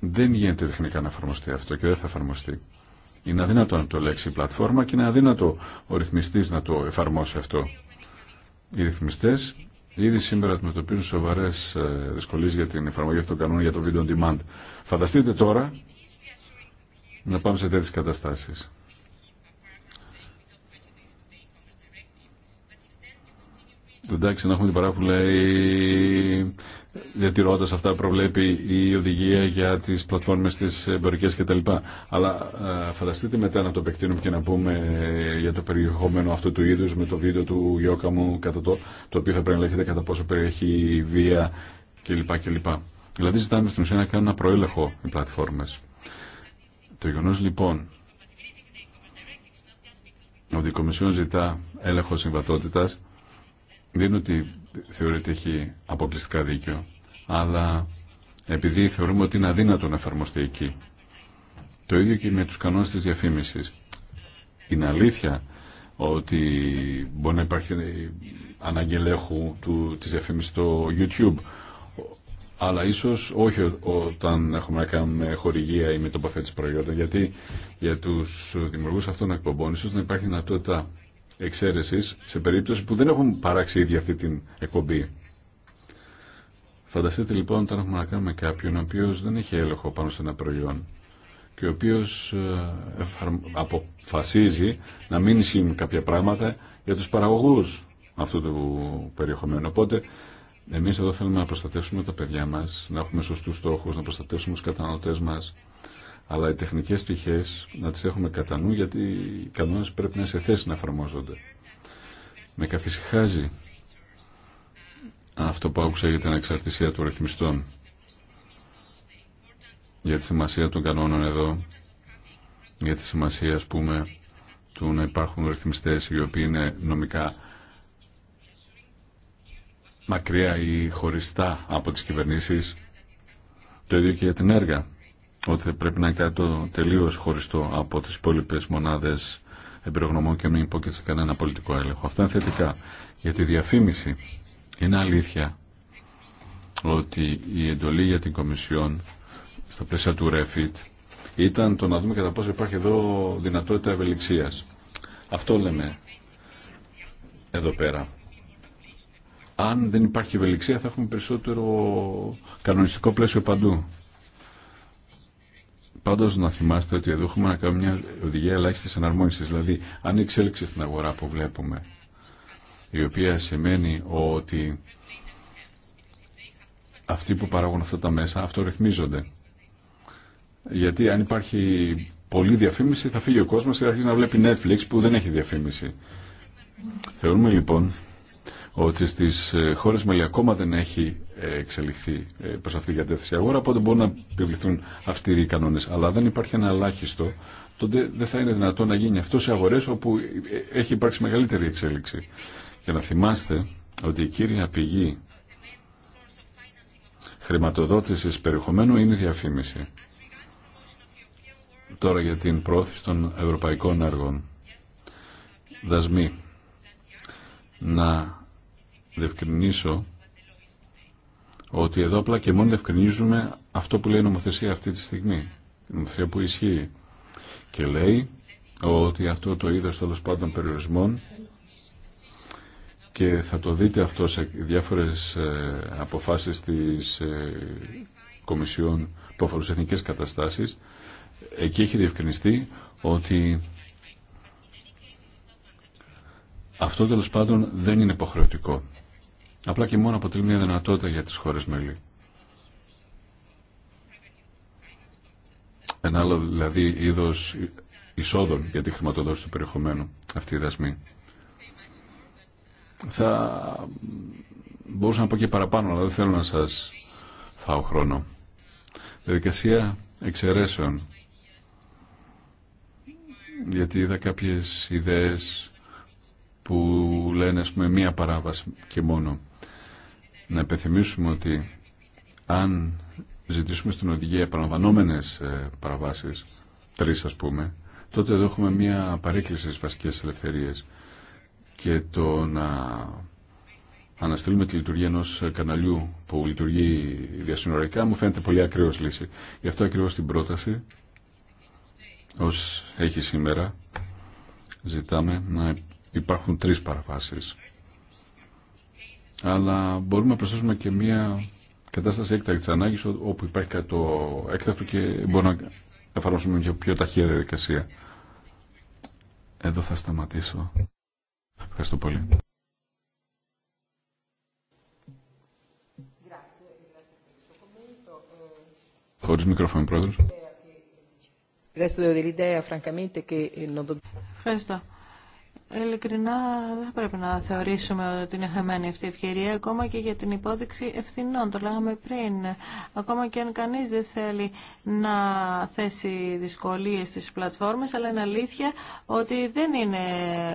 Δεν γίνεται τεχνικά να εφαρμοστεί αυτό και δεν θα εφαρμοστεί. Είναι αδύνατο να το λέξει η πλατφόρμα και είναι αδύνατο ο ρυθμιστή να το εφαρμόσει αυτό. Οι ρυθμιστέ, ήδη σήμερα αντιμετωπίζουν σοβαρέ ε, δυσκολίε για την εφαρμογή αυτών των κανόνων για το video on demand. Φανταστείτε τώρα να πάμε σε τέτοιες καταστάσει. Εντάξει, να έχουμε την παρά γιατί διατηρώντας αυτά προβλέπει η οδηγία για τις πλατφόρμες τις εμπορικές κτλ. Αλλά ε, φανταστείτε μετά να το επεκτείνουμε και να πούμε ε, για το περιεχόμενο αυτού του είδους με το βίντεο του Γιώκα μου κατά το, το οποίο θα πρέπει να λέγεται κατά πόσο περιέχει βία κλπ. κλπ. Δηλαδή ζητάμε στην ουσία να κάνουν ένα προέλεγχο οι πλατφόρμες. Το γεγονό λοιπόν ότι η Κομισιόν ζητά έλεγχο συμβατότητας δίνει ότι θεωρείται έχει αποκλειστικά δίκιο, αλλά επειδή θεωρούμε ότι είναι αδύνατο να εφαρμοστεί εκεί. Το ίδιο και με τους κανόνες της διαφήμισης. Είναι αλήθεια ότι μπορεί να υπάρχει αναγγελέχου του, της διαφήμισης στο YouTube, αλλά ίσως όχι όταν έχουμε να κάνουμε χορηγία ή με τοποθέτηση προϊόντων, γιατί για τους δημιουργούς αυτών εκπομπών ίσως να υπάρχει δυνατότητα εξαίρεση σε περίπτωση που δεν έχουν παράξει ήδη αυτή την εκπομπή. Φανταστείτε λοιπόν όταν έχουμε να κάνουμε κάποιον ο οποίο δεν έχει έλεγχο πάνω σε ένα προϊόν και ο οποίο ε, αποφασίζει να μην ισχύουν κάποια πράγματα για τους παραγωγούς αυτού του περιεχομένου. Οπότε εμείς εδώ θέλουμε να προστατεύσουμε τα παιδιά μα, να έχουμε σωστού στόχου, να προστατεύσουμε του καταναλωτέ μα αλλά οι τεχνικές πτυχές να τις έχουμε κατά νου γιατί οι κανόνες πρέπει να είναι σε θέση να εφαρμόζονται. Με καθησυχάζει αυτό που άκουσα για την εξαρτησία των ρυθμιστών για τη σημασία των κανόνων εδώ για τη σημασία ας πούμε του να υπάρχουν ρυθμιστές οι οποίοι είναι νομικά μακριά ή χωριστά από τις κυβερνήσεις το ίδιο και για την έργα ότι πρέπει να είναι κάτι το τελείως χωριστό από τι υπόλοιπε μονάδε εμπειρογνωμών και μην υπόκειται σε κανένα πολιτικό έλεγχο. Αυτά είναι θετικά. Για τη διαφήμιση είναι αλήθεια ότι η εντολή για την Κομισιόν στα πλαίσια του Ρεφιτ ήταν το να δούμε κατά πόσο υπάρχει εδώ δυνατότητα ευελιξία. Αυτό λέμε εδώ πέρα. Αν δεν υπάρχει ευελιξία θα έχουμε περισσότερο κανονιστικό πλαίσιο παντού. Πάντως να θυμάστε ότι εδώ έχουμε να κάνουμε μια οδηγία ελάχιστη εναρμόνιση. Δηλαδή, αν η εξέλιξη στην αγορά που βλέπουμε, η οποία σημαίνει ότι αυτοί που παράγουν αυτά τα μέσα αυτορυθμίζονται. Γιατί αν υπάρχει πολλή διαφήμιση θα φύγει ο κόσμο και θα αρχίσει να βλέπει Netflix που δεν έχει διαφήμιση. Θεωρούμε λοιπόν ότι στις ε, χώρες με ακόμα δεν έχει ε, εξελιχθεί προς αυτή την κατεύθυνση αγορά, οπότε μπορούν να επιβληθούν αυστηροί οι κανόνες. Αλλά δεν υπάρχει ένα ελάχιστο, τότε δεν θα είναι δυνατό να γίνει αυτό σε αγορές όπου ε, έχει υπάρξει μεγαλύτερη εξέλιξη. Και να θυμάστε ότι η κύρια πηγή χρηματοδότησης περιεχομένου είναι η διαφήμιση. Τώρα για την πρόθεση των ευρωπαϊκών έργων. Δασμοί. Να διευκρινίσω ότι εδώ απλά και μόνο διευκρινίζουμε αυτό που λέει η νομοθεσία αυτή τη στιγμή. Η νομοθεσία που ισχύει. Και λέει ότι αυτό το είδο τέλο πάντων περιορισμών και θα το δείτε αυτό σε διάφορες ε, αποφάσεις της ε, Κομισιόν που αφορούν εθνικές καταστάσεις εκεί έχει διευκρινιστεί ότι αυτό τέλο πάντων δεν είναι υποχρεωτικό απλά και μόνο αποτελεί μια δυνατότητα για τις χώρες μέλη. Ένα άλλο δηλαδή είδος εισόδων για τη χρηματοδότηση του περιεχομένου αυτή η δασμή. Θα μπορούσα να πω και παραπάνω, αλλά δεν θέλω να σας φάω χρόνο. Διαδικασία εξαιρέσεων. Γιατί είδα κάποιες ιδέες που λένε, ας πούμε, μία παράβαση και μόνο να επιθυμίσουμε ότι αν ζητήσουμε στην οδηγία επαναλαμβανόμενε ε, παραβάσεις, τρεις ας πούμε, τότε εδώ έχουμε μια παρέκκληση στις βασικές ελευθερίες και το να αναστείλουμε τη λειτουργία ενό καναλιού που λειτουργεί διασυνοριακά μου φαίνεται πολύ ακραίο λύση. Γι' αυτό ακριβώ την πρόταση, ω έχει σήμερα, ζητάμε να υπάρχουν τρει παραβάσει αλλά μπορούμε να προσθέσουμε και μια κατάσταση έκτακτη ανάγκη, όπου υπάρχει κάτι το έκτακτο και μπορούμε να εφαρμόσουμε μια πιο ταχεία διαδικασία. Εδώ θα σταματήσω. Ευχαριστώ πολύ. Χωρίς μικρόφωνο, Πρόεδρος. Ευχαριστώ ειλικρινά δεν πρέπει να θεωρήσουμε ότι είναι χαμένη αυτή η ευκαιρία, ακόμα και για την υπόδειξη ευθυνών. Το λέγαμε πριν. Ακόμα και αν κανεί δεν θέλει να θέσει δυσκολίε στι πλατφόρμες, αλλά είναι αλήθεια ότι δεν είναι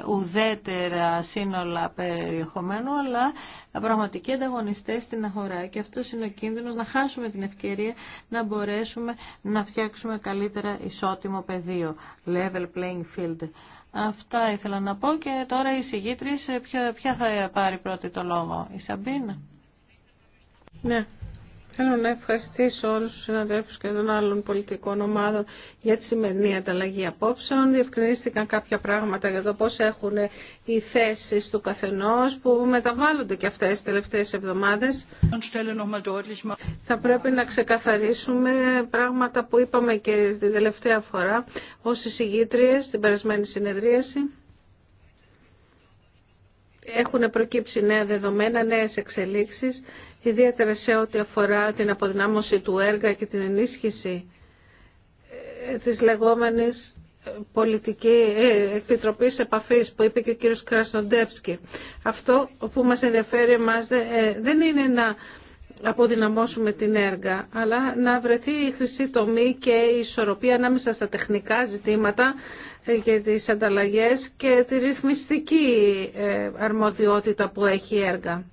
ουδέτερα σύνολα περιεχομένου, αλλά πραγματικοί ανταγωνιστέ στην αγορά. Και αυτό είναι ο κίνδυνο να χάσουμε την ευκαιρία να μπορέσουμε να φτιάξουμε καλύτερα ισότιμο πεδίο. Level playing field. Αυτά ήθελα να πω και τώρα η συγγήτρης ποια θα πάρει πρώτη το λόγο. Η Σαμπίνα. Ναι, Θέλω να ευχαριστήσω όλους τους συναδέλφους και των άλλων πολιτικών ομάδων για τη σημερινή ανταλλαγή απόψεων. Διευκρινίστηκαν κάποια πράγματα για το πώς έχουν οι θέσεις του καθενός που μεταβάλλονται και αυτές τις τελευταίες εβδομάδες. Θα πρέπει να ξεκαθαρίσουμε πράγματα που είπαμε και την τελευταία φορά ως εισηγήτριες στην περασμένη συνεδρίαση. Έχουν προκύψει νέα δεδομένα, νέες εξελίξεις ιδιαίτερα σε ό,τι αφορά την αποδυνάμωση του έργα και την ενίσχυση ε, της λεγόμενης ε, πολιτική ε, επιτροπή επαφής που είπε και ο κύριος Κρασνοντέψκη. Αυτό που μας ενδιαφέρει δεν είναι να αποδυναμώσουμε την έργα, αλλά να βρεθεί η χρυσή τομή και η ισορροπία ανάμεσα στα τεχνικά ζητήματα και τις ανταλλαγές και τη ρυθμιστική αρμοδιότητα που έχει η έργα.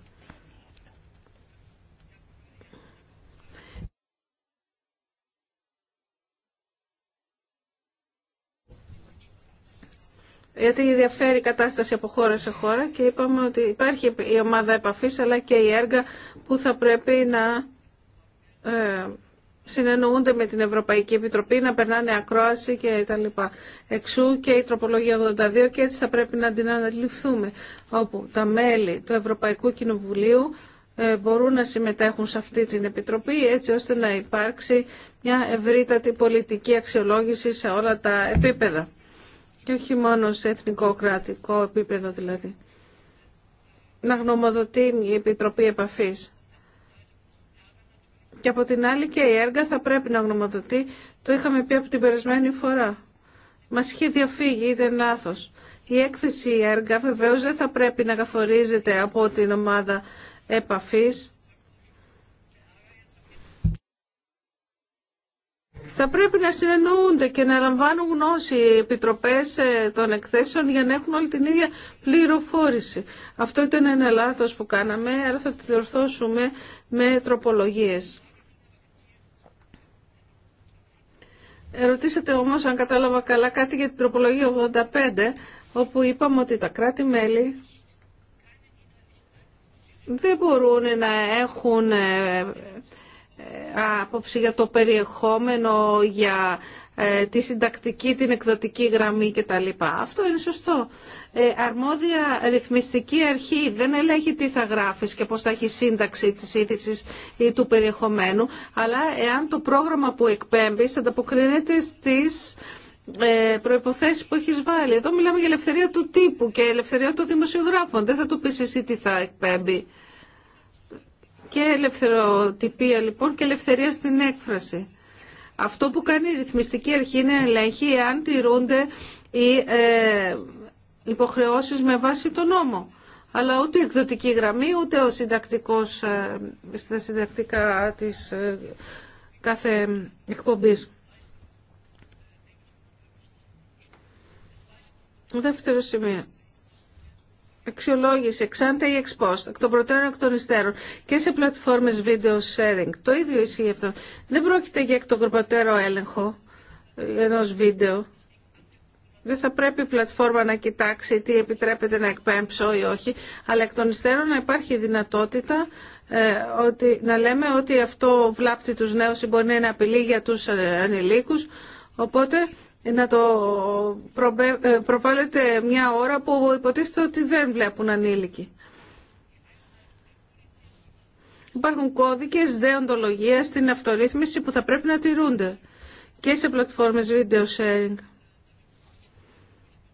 γιατί διαφέρει η κατάσταση από χώρα σε χώρα και είπαμε ότι υπάρχει η ομάδα επαφής αλλά και οι έργα που θα πρέπει να ε, συνεννοούνται με την Ευρωπαϊκή Επιτροπή, να περνάνε ακρόαση και τα λοιπά. Εξού και η τροπολογία 82 και έτσι θα πρέπει να την αναλυφθούμε, όπου τα μέλη του Ευρωπαϊκού Κοινοβουλίου ε, μπορούν να συμμετέχουν σε αυτή την Επιτροπή έτσι ώστε να υπάρξει μια ευρύτατη πολιτική αξιολόγηση σε όλα τα επίπεδα και όχι μόνο σε εθνικό κρατικό επίπεδο δηλαδή. Να γνωμοδοτεί η Επιτροπή Επαφής. Και από την άλλη και η έργα θα πρέπει να γνωμοδοτεί, το είχαμε πει από την περασμένη φορά. Μας είχε διαφύγει, ήταν λάθο. Η έκθεση έργα βεβαίως δεν θα πρέπει να καθορίζεται από την ομάδα επαφής, Θα πρέπει να συνεννοούνται και να λαμβάνουν γνώση οι επιτροπές ε, των εκθέσεων για να έχουν όλη την ίδια πληροφόρηση. Αυτό ήταν ένα λάθος που κάναμε, αλλά θα τη διορθώσουμε με τροπολογίες. Ερωτήσατε όμως, αν κατάλαβα καλά, κάτι για την τροπολογία 85, όπου είπαμε ότι τα κράτη-μέλη δεν μπορούν να έχουν ε, άποψη για το περιεχόμενο, για ε, τη συντακτική, την εκδοτική γραμμή κτλ. Αυτό είναι σωστό. Ε, αρμόδια ρυθμιστική αρχή δεν ελέγχει τι θα γράφεις και πώς θα έχει σύνταξη της είδηση ή του περιεχομένου, αλλά εάν το πρόγραμμα που εκπέμπεις ανταποκρίνεται στις ε, προϋποθέσεις που έχεις βάλει. Εδώ μιλάμε για ελευθερία του τύπου και ελευθερία των δημοσιογράφων. Δεν θα του πεις εσύ τι θα εκπέμπει και ελευθεροτυπία λοιπόν και ελευθερία στην έκφραση. Αυτό που κάνει η ρυθμιστική αρχή είναι ελέγχει εάν τηρούνται οι ε, υποχρεώσεις με βάση τον νόμο. Αλλά ούτε η εκδοτική γραμμή, ούτε ο συντακτικός, ε, στα συντακτικά της ε, κάθε εκπομπής. Δεύτερο σημείο αξιολόγηση εξάντα ή εξπόστ, εκ των προτέρων εκ των υστέρων και σε πλατφόρμες video sharing. Το ίδιο ισχύει αυτό. Δεν πρόκειται για εκ των προτέρων έλεγχο ε, ενός βίντεο. Δεν θα πρέπει η πλατφόρμα να κοιτάξει τι επιτρέπεται να εκπέμψω ή όχι, αλλά εκ των υστέρων να υπάρχει δυνατότητα ε, ότι, να λέμε ότι αυτό βλάπτει τους νέους ή μπορεί να είναι απειλή για τους ε, ανηλίκους. Οπότε να το ε, προβάλλεται μια ώρα που υποτίθεται ότι δεν βλέπουν ανήλικοι. Υπάρχουν κώδικες δεοντολογίας στην αυτορύθμιση που θα πρέπει να τηρούνται και σε πλατφόρμες video sharing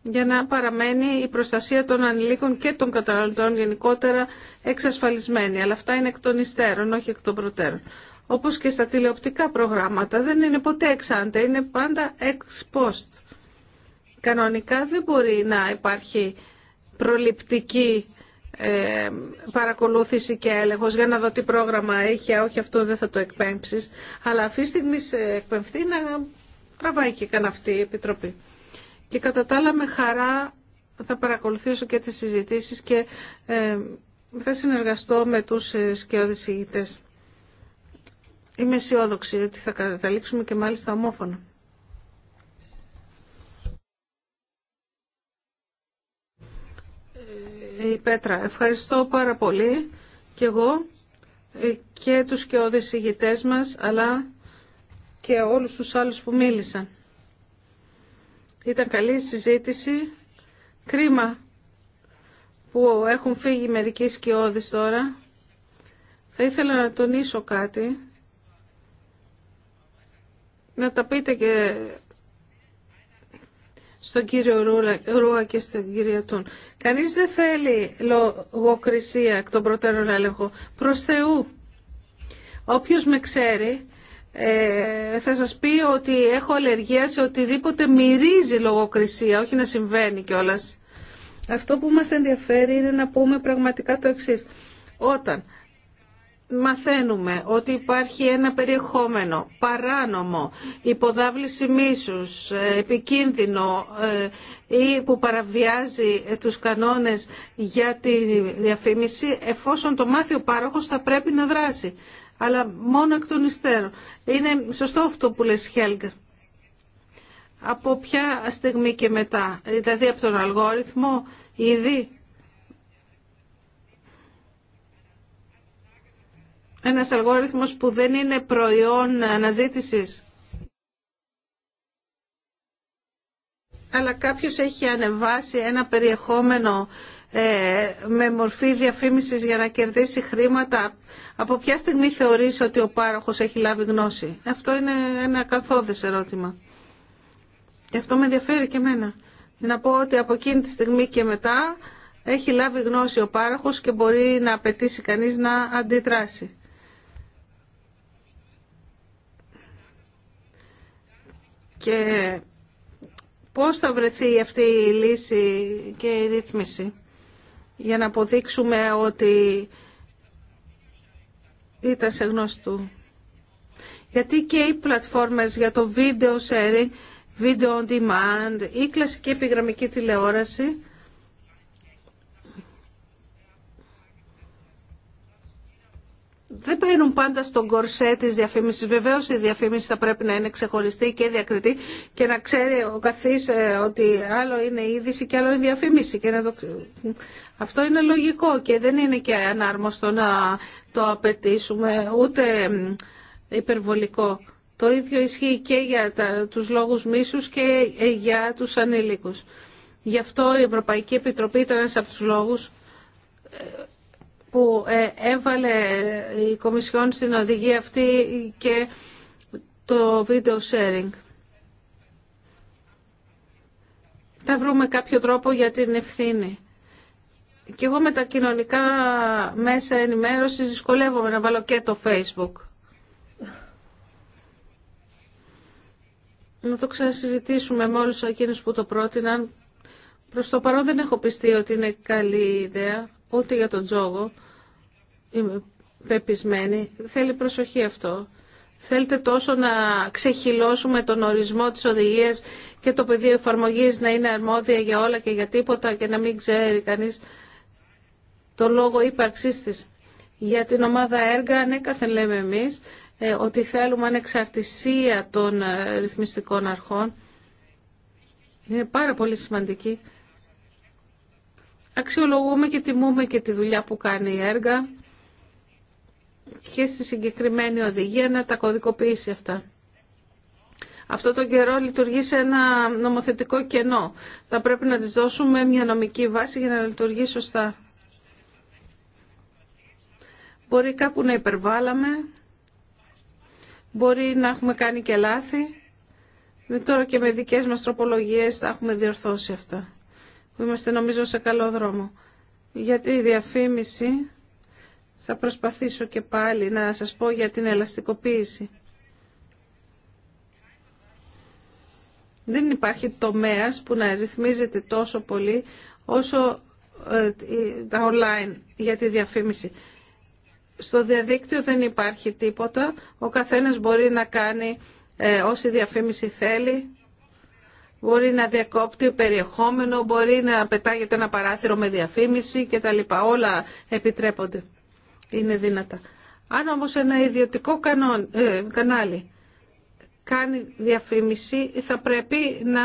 για να παραμένει η προστασία των ανηλίκων και των καταναλωτών γενικότερα εξασφαλισμένη. Αλλά αυτά είναι εκ των υστέρων, όχι εκ των προτέρων όπως και στα τηλεοπτικά προγράμματα, δεν είναι ποτέ εξάντα, είναι πάντα ex post. Κανονικά δεν μπορεί να υπάρχει προληπτική ε, παρακολούθηση και έλεγχος για να δω τι πρόγραμμα έχει, όχι αυτό δεν θα το εκπέμψεις, αλλά αυτή τη στιγμή σε εκπαιμφθεί να τραβάει και καν αυτή η Επιτροπή. Και κατά τα άλλα με χαρά θα παρακολουθήσω και τις συζητήσεις και ε, θα συνεργαστώ με τους ε, σκιώδης Είμαι αισιόδοξη ότι θα καταλήξουμε και μάλιστα ομόφωνα. Ε, η Πέτρα, ευχαριστώ πάρα πολύ και εγώ ε, και τους και ηγητές μας, αλλά και όλους τους άλλους που μίλησαν. Ήταν καλή συζήτηση. Κρίμα που έχουν φύγει μερικοί σκιώδεις τώρα. Θα ήθελα να τονίσω κάτι να τα πείτε και στον κύριο Ρούα και στην κύριο Τούν. Κανείς δεν θέλει λογοκρισία εκ των προτέρων έλεγχο. Προς Θεού. Όποιος με ξέρει ε, θα σας πει ότι έχω αλλεργία σε οτιδήποτε μυρίζει λογοκρισία, όχι να συμβαίνει κιόλας. Αυτό που μας ενδιαφέρει είναι να πούμε πραγματικά το εξής. Όταν μαθαίνουμε ότι υπάρχει ένα περιεχόμενο παράνομο, υποδάβληση μίσους, ε, επικίνδυνο ε, ή που παραβιάζει ε, τους κανόνες για τη διαφήμιση, εφόσον το μάθει ο πάροχος θα πρέπει να δράσει. Αλλά μόνο εκ των υστέρων. Είναι σωστό αυτό που λες Χέλγκερ Από ποια στιγμή και μετά, δηλαδή από τον αλγόριθμο, ήδη ένας αλγόριθμος που δεν είναι προϊόν αναζήτησης. Αλλά κάποιος έχει ανεβάσει ένα περιεχόμενο ε, με μορφή διαφήμισης για να κερδίσει χρήματα. Από ποια στιγμή θεωρείς ότι ο πάροχος έχει λάβει γνώση. Αυτό είναι ένα καθόδες ερώτημα. Και αυτό με ενδιαφέρει και εμένα. Να πω ότι από εκείνη τη στιγμή και μετά έχει λάβει γνώση ο πάροχος και μπορεί να απαιτήσει κανείς να αντιδράσει. και πώς θα βρεθεί αυτή η λύση και η ρύθμιση για να αποδείξουμε ότι ήταν σε γνωστού. Γιατί και οι πλατφόρμες για το video sharing, video on demand ή κλασική επιγραμμική τηλεόραση δεν παίρνουν πάντα στον κορσέ τη διαφήμιση. Βεβαίω η διαφήμιση θα πρέπει να είναι ξεχωριστή και διακριτή και να ξέρει ο καθή ε, ότι άλλο είναι η είδηση και άλλο είναι η διαφήμιση. Και να το... Αυτό είναι λογικό και δεν είναι και ανάρμοστο να το απαιτήσουμε ούτε υπερβολικό. Το ίδιο ισχύει και για τα, τους λόγους μίσους και ε, για τους ανήλικους. Γι' αυτό η Ευρωπαϊκή Επιτροπή ήταν ένας από τους λόγους ε, που ε, έβαλε η Κομισιόν στην οδηγία αυτή και το video sharing. Θα βρούμε κάποιο τρόπο για την ευθύνη. Και εγώ με τα κοινωνικά μέσα ενημέρωσης δυσκολεύομαι να βάλω και το facebook. Να το ξανασυζητήσουμε με όλους εκείνους που το πρότειναν. Προς το παρόν δεν έχω πιστεί ότι είναι καλή ιδέα ούτε για τον τζόγο. Είμαι πεπισμένη. Θέλει προσοχή αυτό. Θέλετε τόσο να ξεχυλώσουμε τον ορισμό της οδηγίας και το πεδίο εφαρμογής να είναι αρμόδια για όλα και για τίποτα και να μην ξέρει κανείς το λόγο ύπαρξής της. Για την ομάδα έργα ναι, καθεν λέμε εμείς ε, ότι θέλουμε ανεξαρτησία των ε, ρυθμιστικών αρχών. Είναι πάρα πολύ σημαντική αξιολογούμε και τιμούμε και τη δουλειά που κάνει η έργα και στη συγκεκριμένη οδηγία να τα κωδικοποιήσει αυτά. Αυτό τον καιρό λειτουργεί σε ένα νομοθετικό κενό. Θα πρέπει να της δώσουμε μια νομική βάση για να λειτουργεί σωστά. Μπορεί κάπου να υπερβάλαμε, μπορεί να έχουμε κάνει και λάθη. Με τώρα και με δικές μας τροπολογίες θα έχουμε διορθώσει αυτά που Είμαστε νομίζω σε καλό δρόμο. Για τη διαφήμιση θα προσπαθήσω και πάλι να σας πω για την ελαστικοποίηση. Δεν υπάρχει τομέας που να ρυθμίζεται τόσο πολύ όσο ε, τα online για τη διαφήμιση. Στο διαδίκτυο δεν υπάρχει τίποτα. Ο καθένας μπορεί να κάνει ε, όση διαφήμιση θέλει μπορεί να διακόπτει περιεχόμενο, μπορεί να πετάγεται ένα παράθυρο με διαφήμιση κτλ. Όλα επιτρέπονται. Είναι δυνατά. Αν όμως ένα ιδιωτικό κανόν, ε, κανάλι κάνει διαφήμιση, θα πρέπει να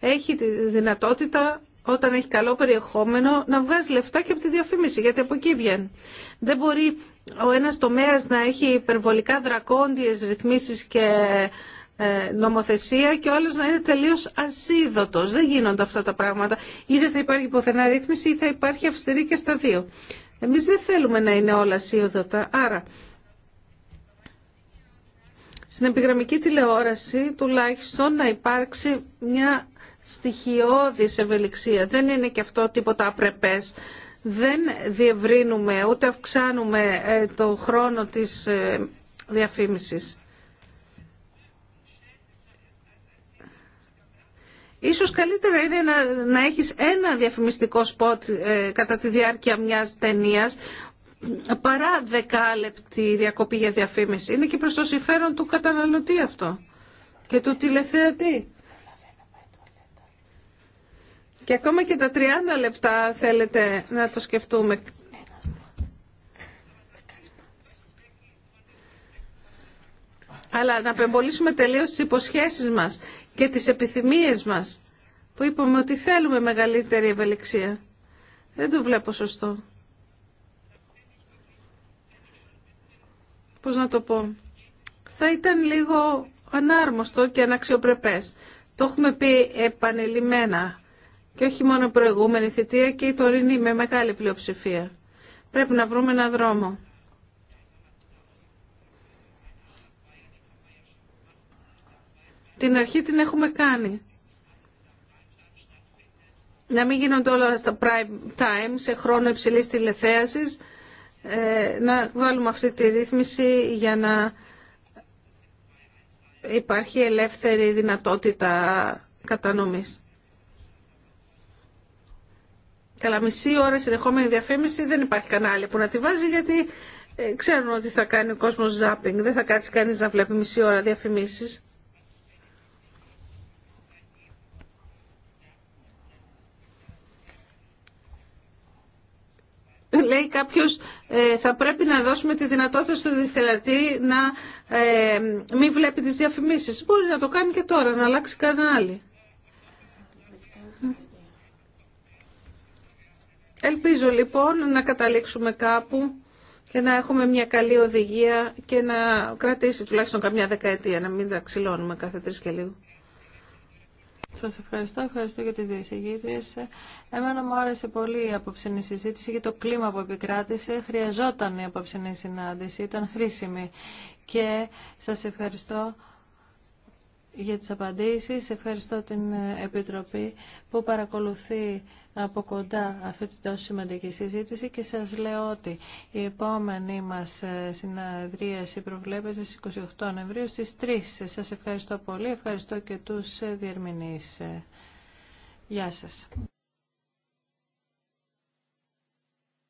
έχει τη δυνατότητα όταν έχει καλό περιεχόμενο να βγάζει λεφτά και από τη διαφήμιση, γιατί από εκεί βγαίνει. Δεν μπορεί ο ένας τομέας να έχει υπερβολικά δρακόντιες ρυθμίσεις και ε, νομοθεσία και ο άλλος να είναι τελείως ασίδωτος. Δεν γίνονται αυτά τα πράγματα. Είτε θα υπάρχει ποθενά ρύθμιση ή θα υπάρχει αυστηρή και στα δύο. Εμείς δεν θέλουμε να είναι όλα ασίδωτα. Άρα, στην επιγραμμική τηλεόραση τουλάχιστον να υπάρξει μια στοιχειώδης ευελιξία. Δεν είναι και αυτό τίποτα απρεπές. Δεν διευρύνουμε ούτε αυξάνουμε ε, το χρόνο της ε, διαφήμισης. Ίσως καλύτερα είναι να, να έχεις ένα διαφημιστικό σποτ ε, κατά τη διάρκεια μιας ταινία παρά δεκάλεπτη διακοπή για διαφήμιση. Είναι και προς το συμφέρον του καταναλωτή αυτό και του τηλεθεατή. Και ακόμα και τα 30 λεπτά θέλετε να το σκεφτούμε. Αλλά να πεμπολίσουμε τελείως τις υποσχέσεις μας και τις επιθυμίες μας που είπαμε ότι θέλουμε μεγαλύτερη ευελιξία. Δεν το βλέπω σωστό. Πώς να το πω. Θα ήταν λίγο ανάρμοστο και αναξιοπρεπές. Το έχουμε πει επανειλημμένα και όχι μόνο προηγούμενη θητεία και η τωρινή με μεγάλη πλειοψηφία. Πρέπει να βρούμε έναν δρόμο. Την αρχή την έχουμε κάνει. Να μην γίνονται όλα στα prime time, σε χρόνο υψηλής τηλεθέασης, ε, να βάλουμε αυτή τη ρύθμιση για να υπάρχει ελεύθερη δυνατότητα κατανομής. Καλά, μισή ώρα συνεχόμενη διαφήμιση δεν υπάρχει κανάλι που να τη βάζει γιατί ε, ξέρουν ότι θα κάνει ο κόσμος ζάπινγκ. Δεν θα κάτσει κανείς να βλέπει μισή ώρα διαφημίσεις. λέει κάποιος ε, θα πρέπει να δώσουμε τη δυνατότητα στον διθελατή να ε, μην βλέπει τις διαφημίσεις. Μπορεί να το κάνει και τώρα, να αλλάξει κανένα άλλη. Ελπίζω λοιπόν να καταλήξουμε κάπου και να έχουμε μια καλή οδηγία και να κρατήσει τουλάχιστον καμιά δεκαετία, να μην τα ξυλώνουμε κάθε τρεις και λίγο. Σας ευχαριστώ, ευχαριστώ για τις δύο Εμένα μου άρεσε πολύ η απόψινη συζήτηση και το κλίμα που επικράτησε. Χρειαζόταν η απόψινη συνάντηση, ήταν χρήσιμη. Και σας ευχαριστώ για τις απαντήσεις. Ευχαριστώ την Επιτροπή που παρακολουθεί από κοντά αυτή την τόσο σημαντική συζήτηση και σας λέω ότι η επόμενη μας ε, συναδρίαση προβλέπεται στις 28 Νευρίου στις 3. Σας ευχαριστώ πολύ, ευχαριστώ και τους ε, διερμηνείς. Ε, γεια σας.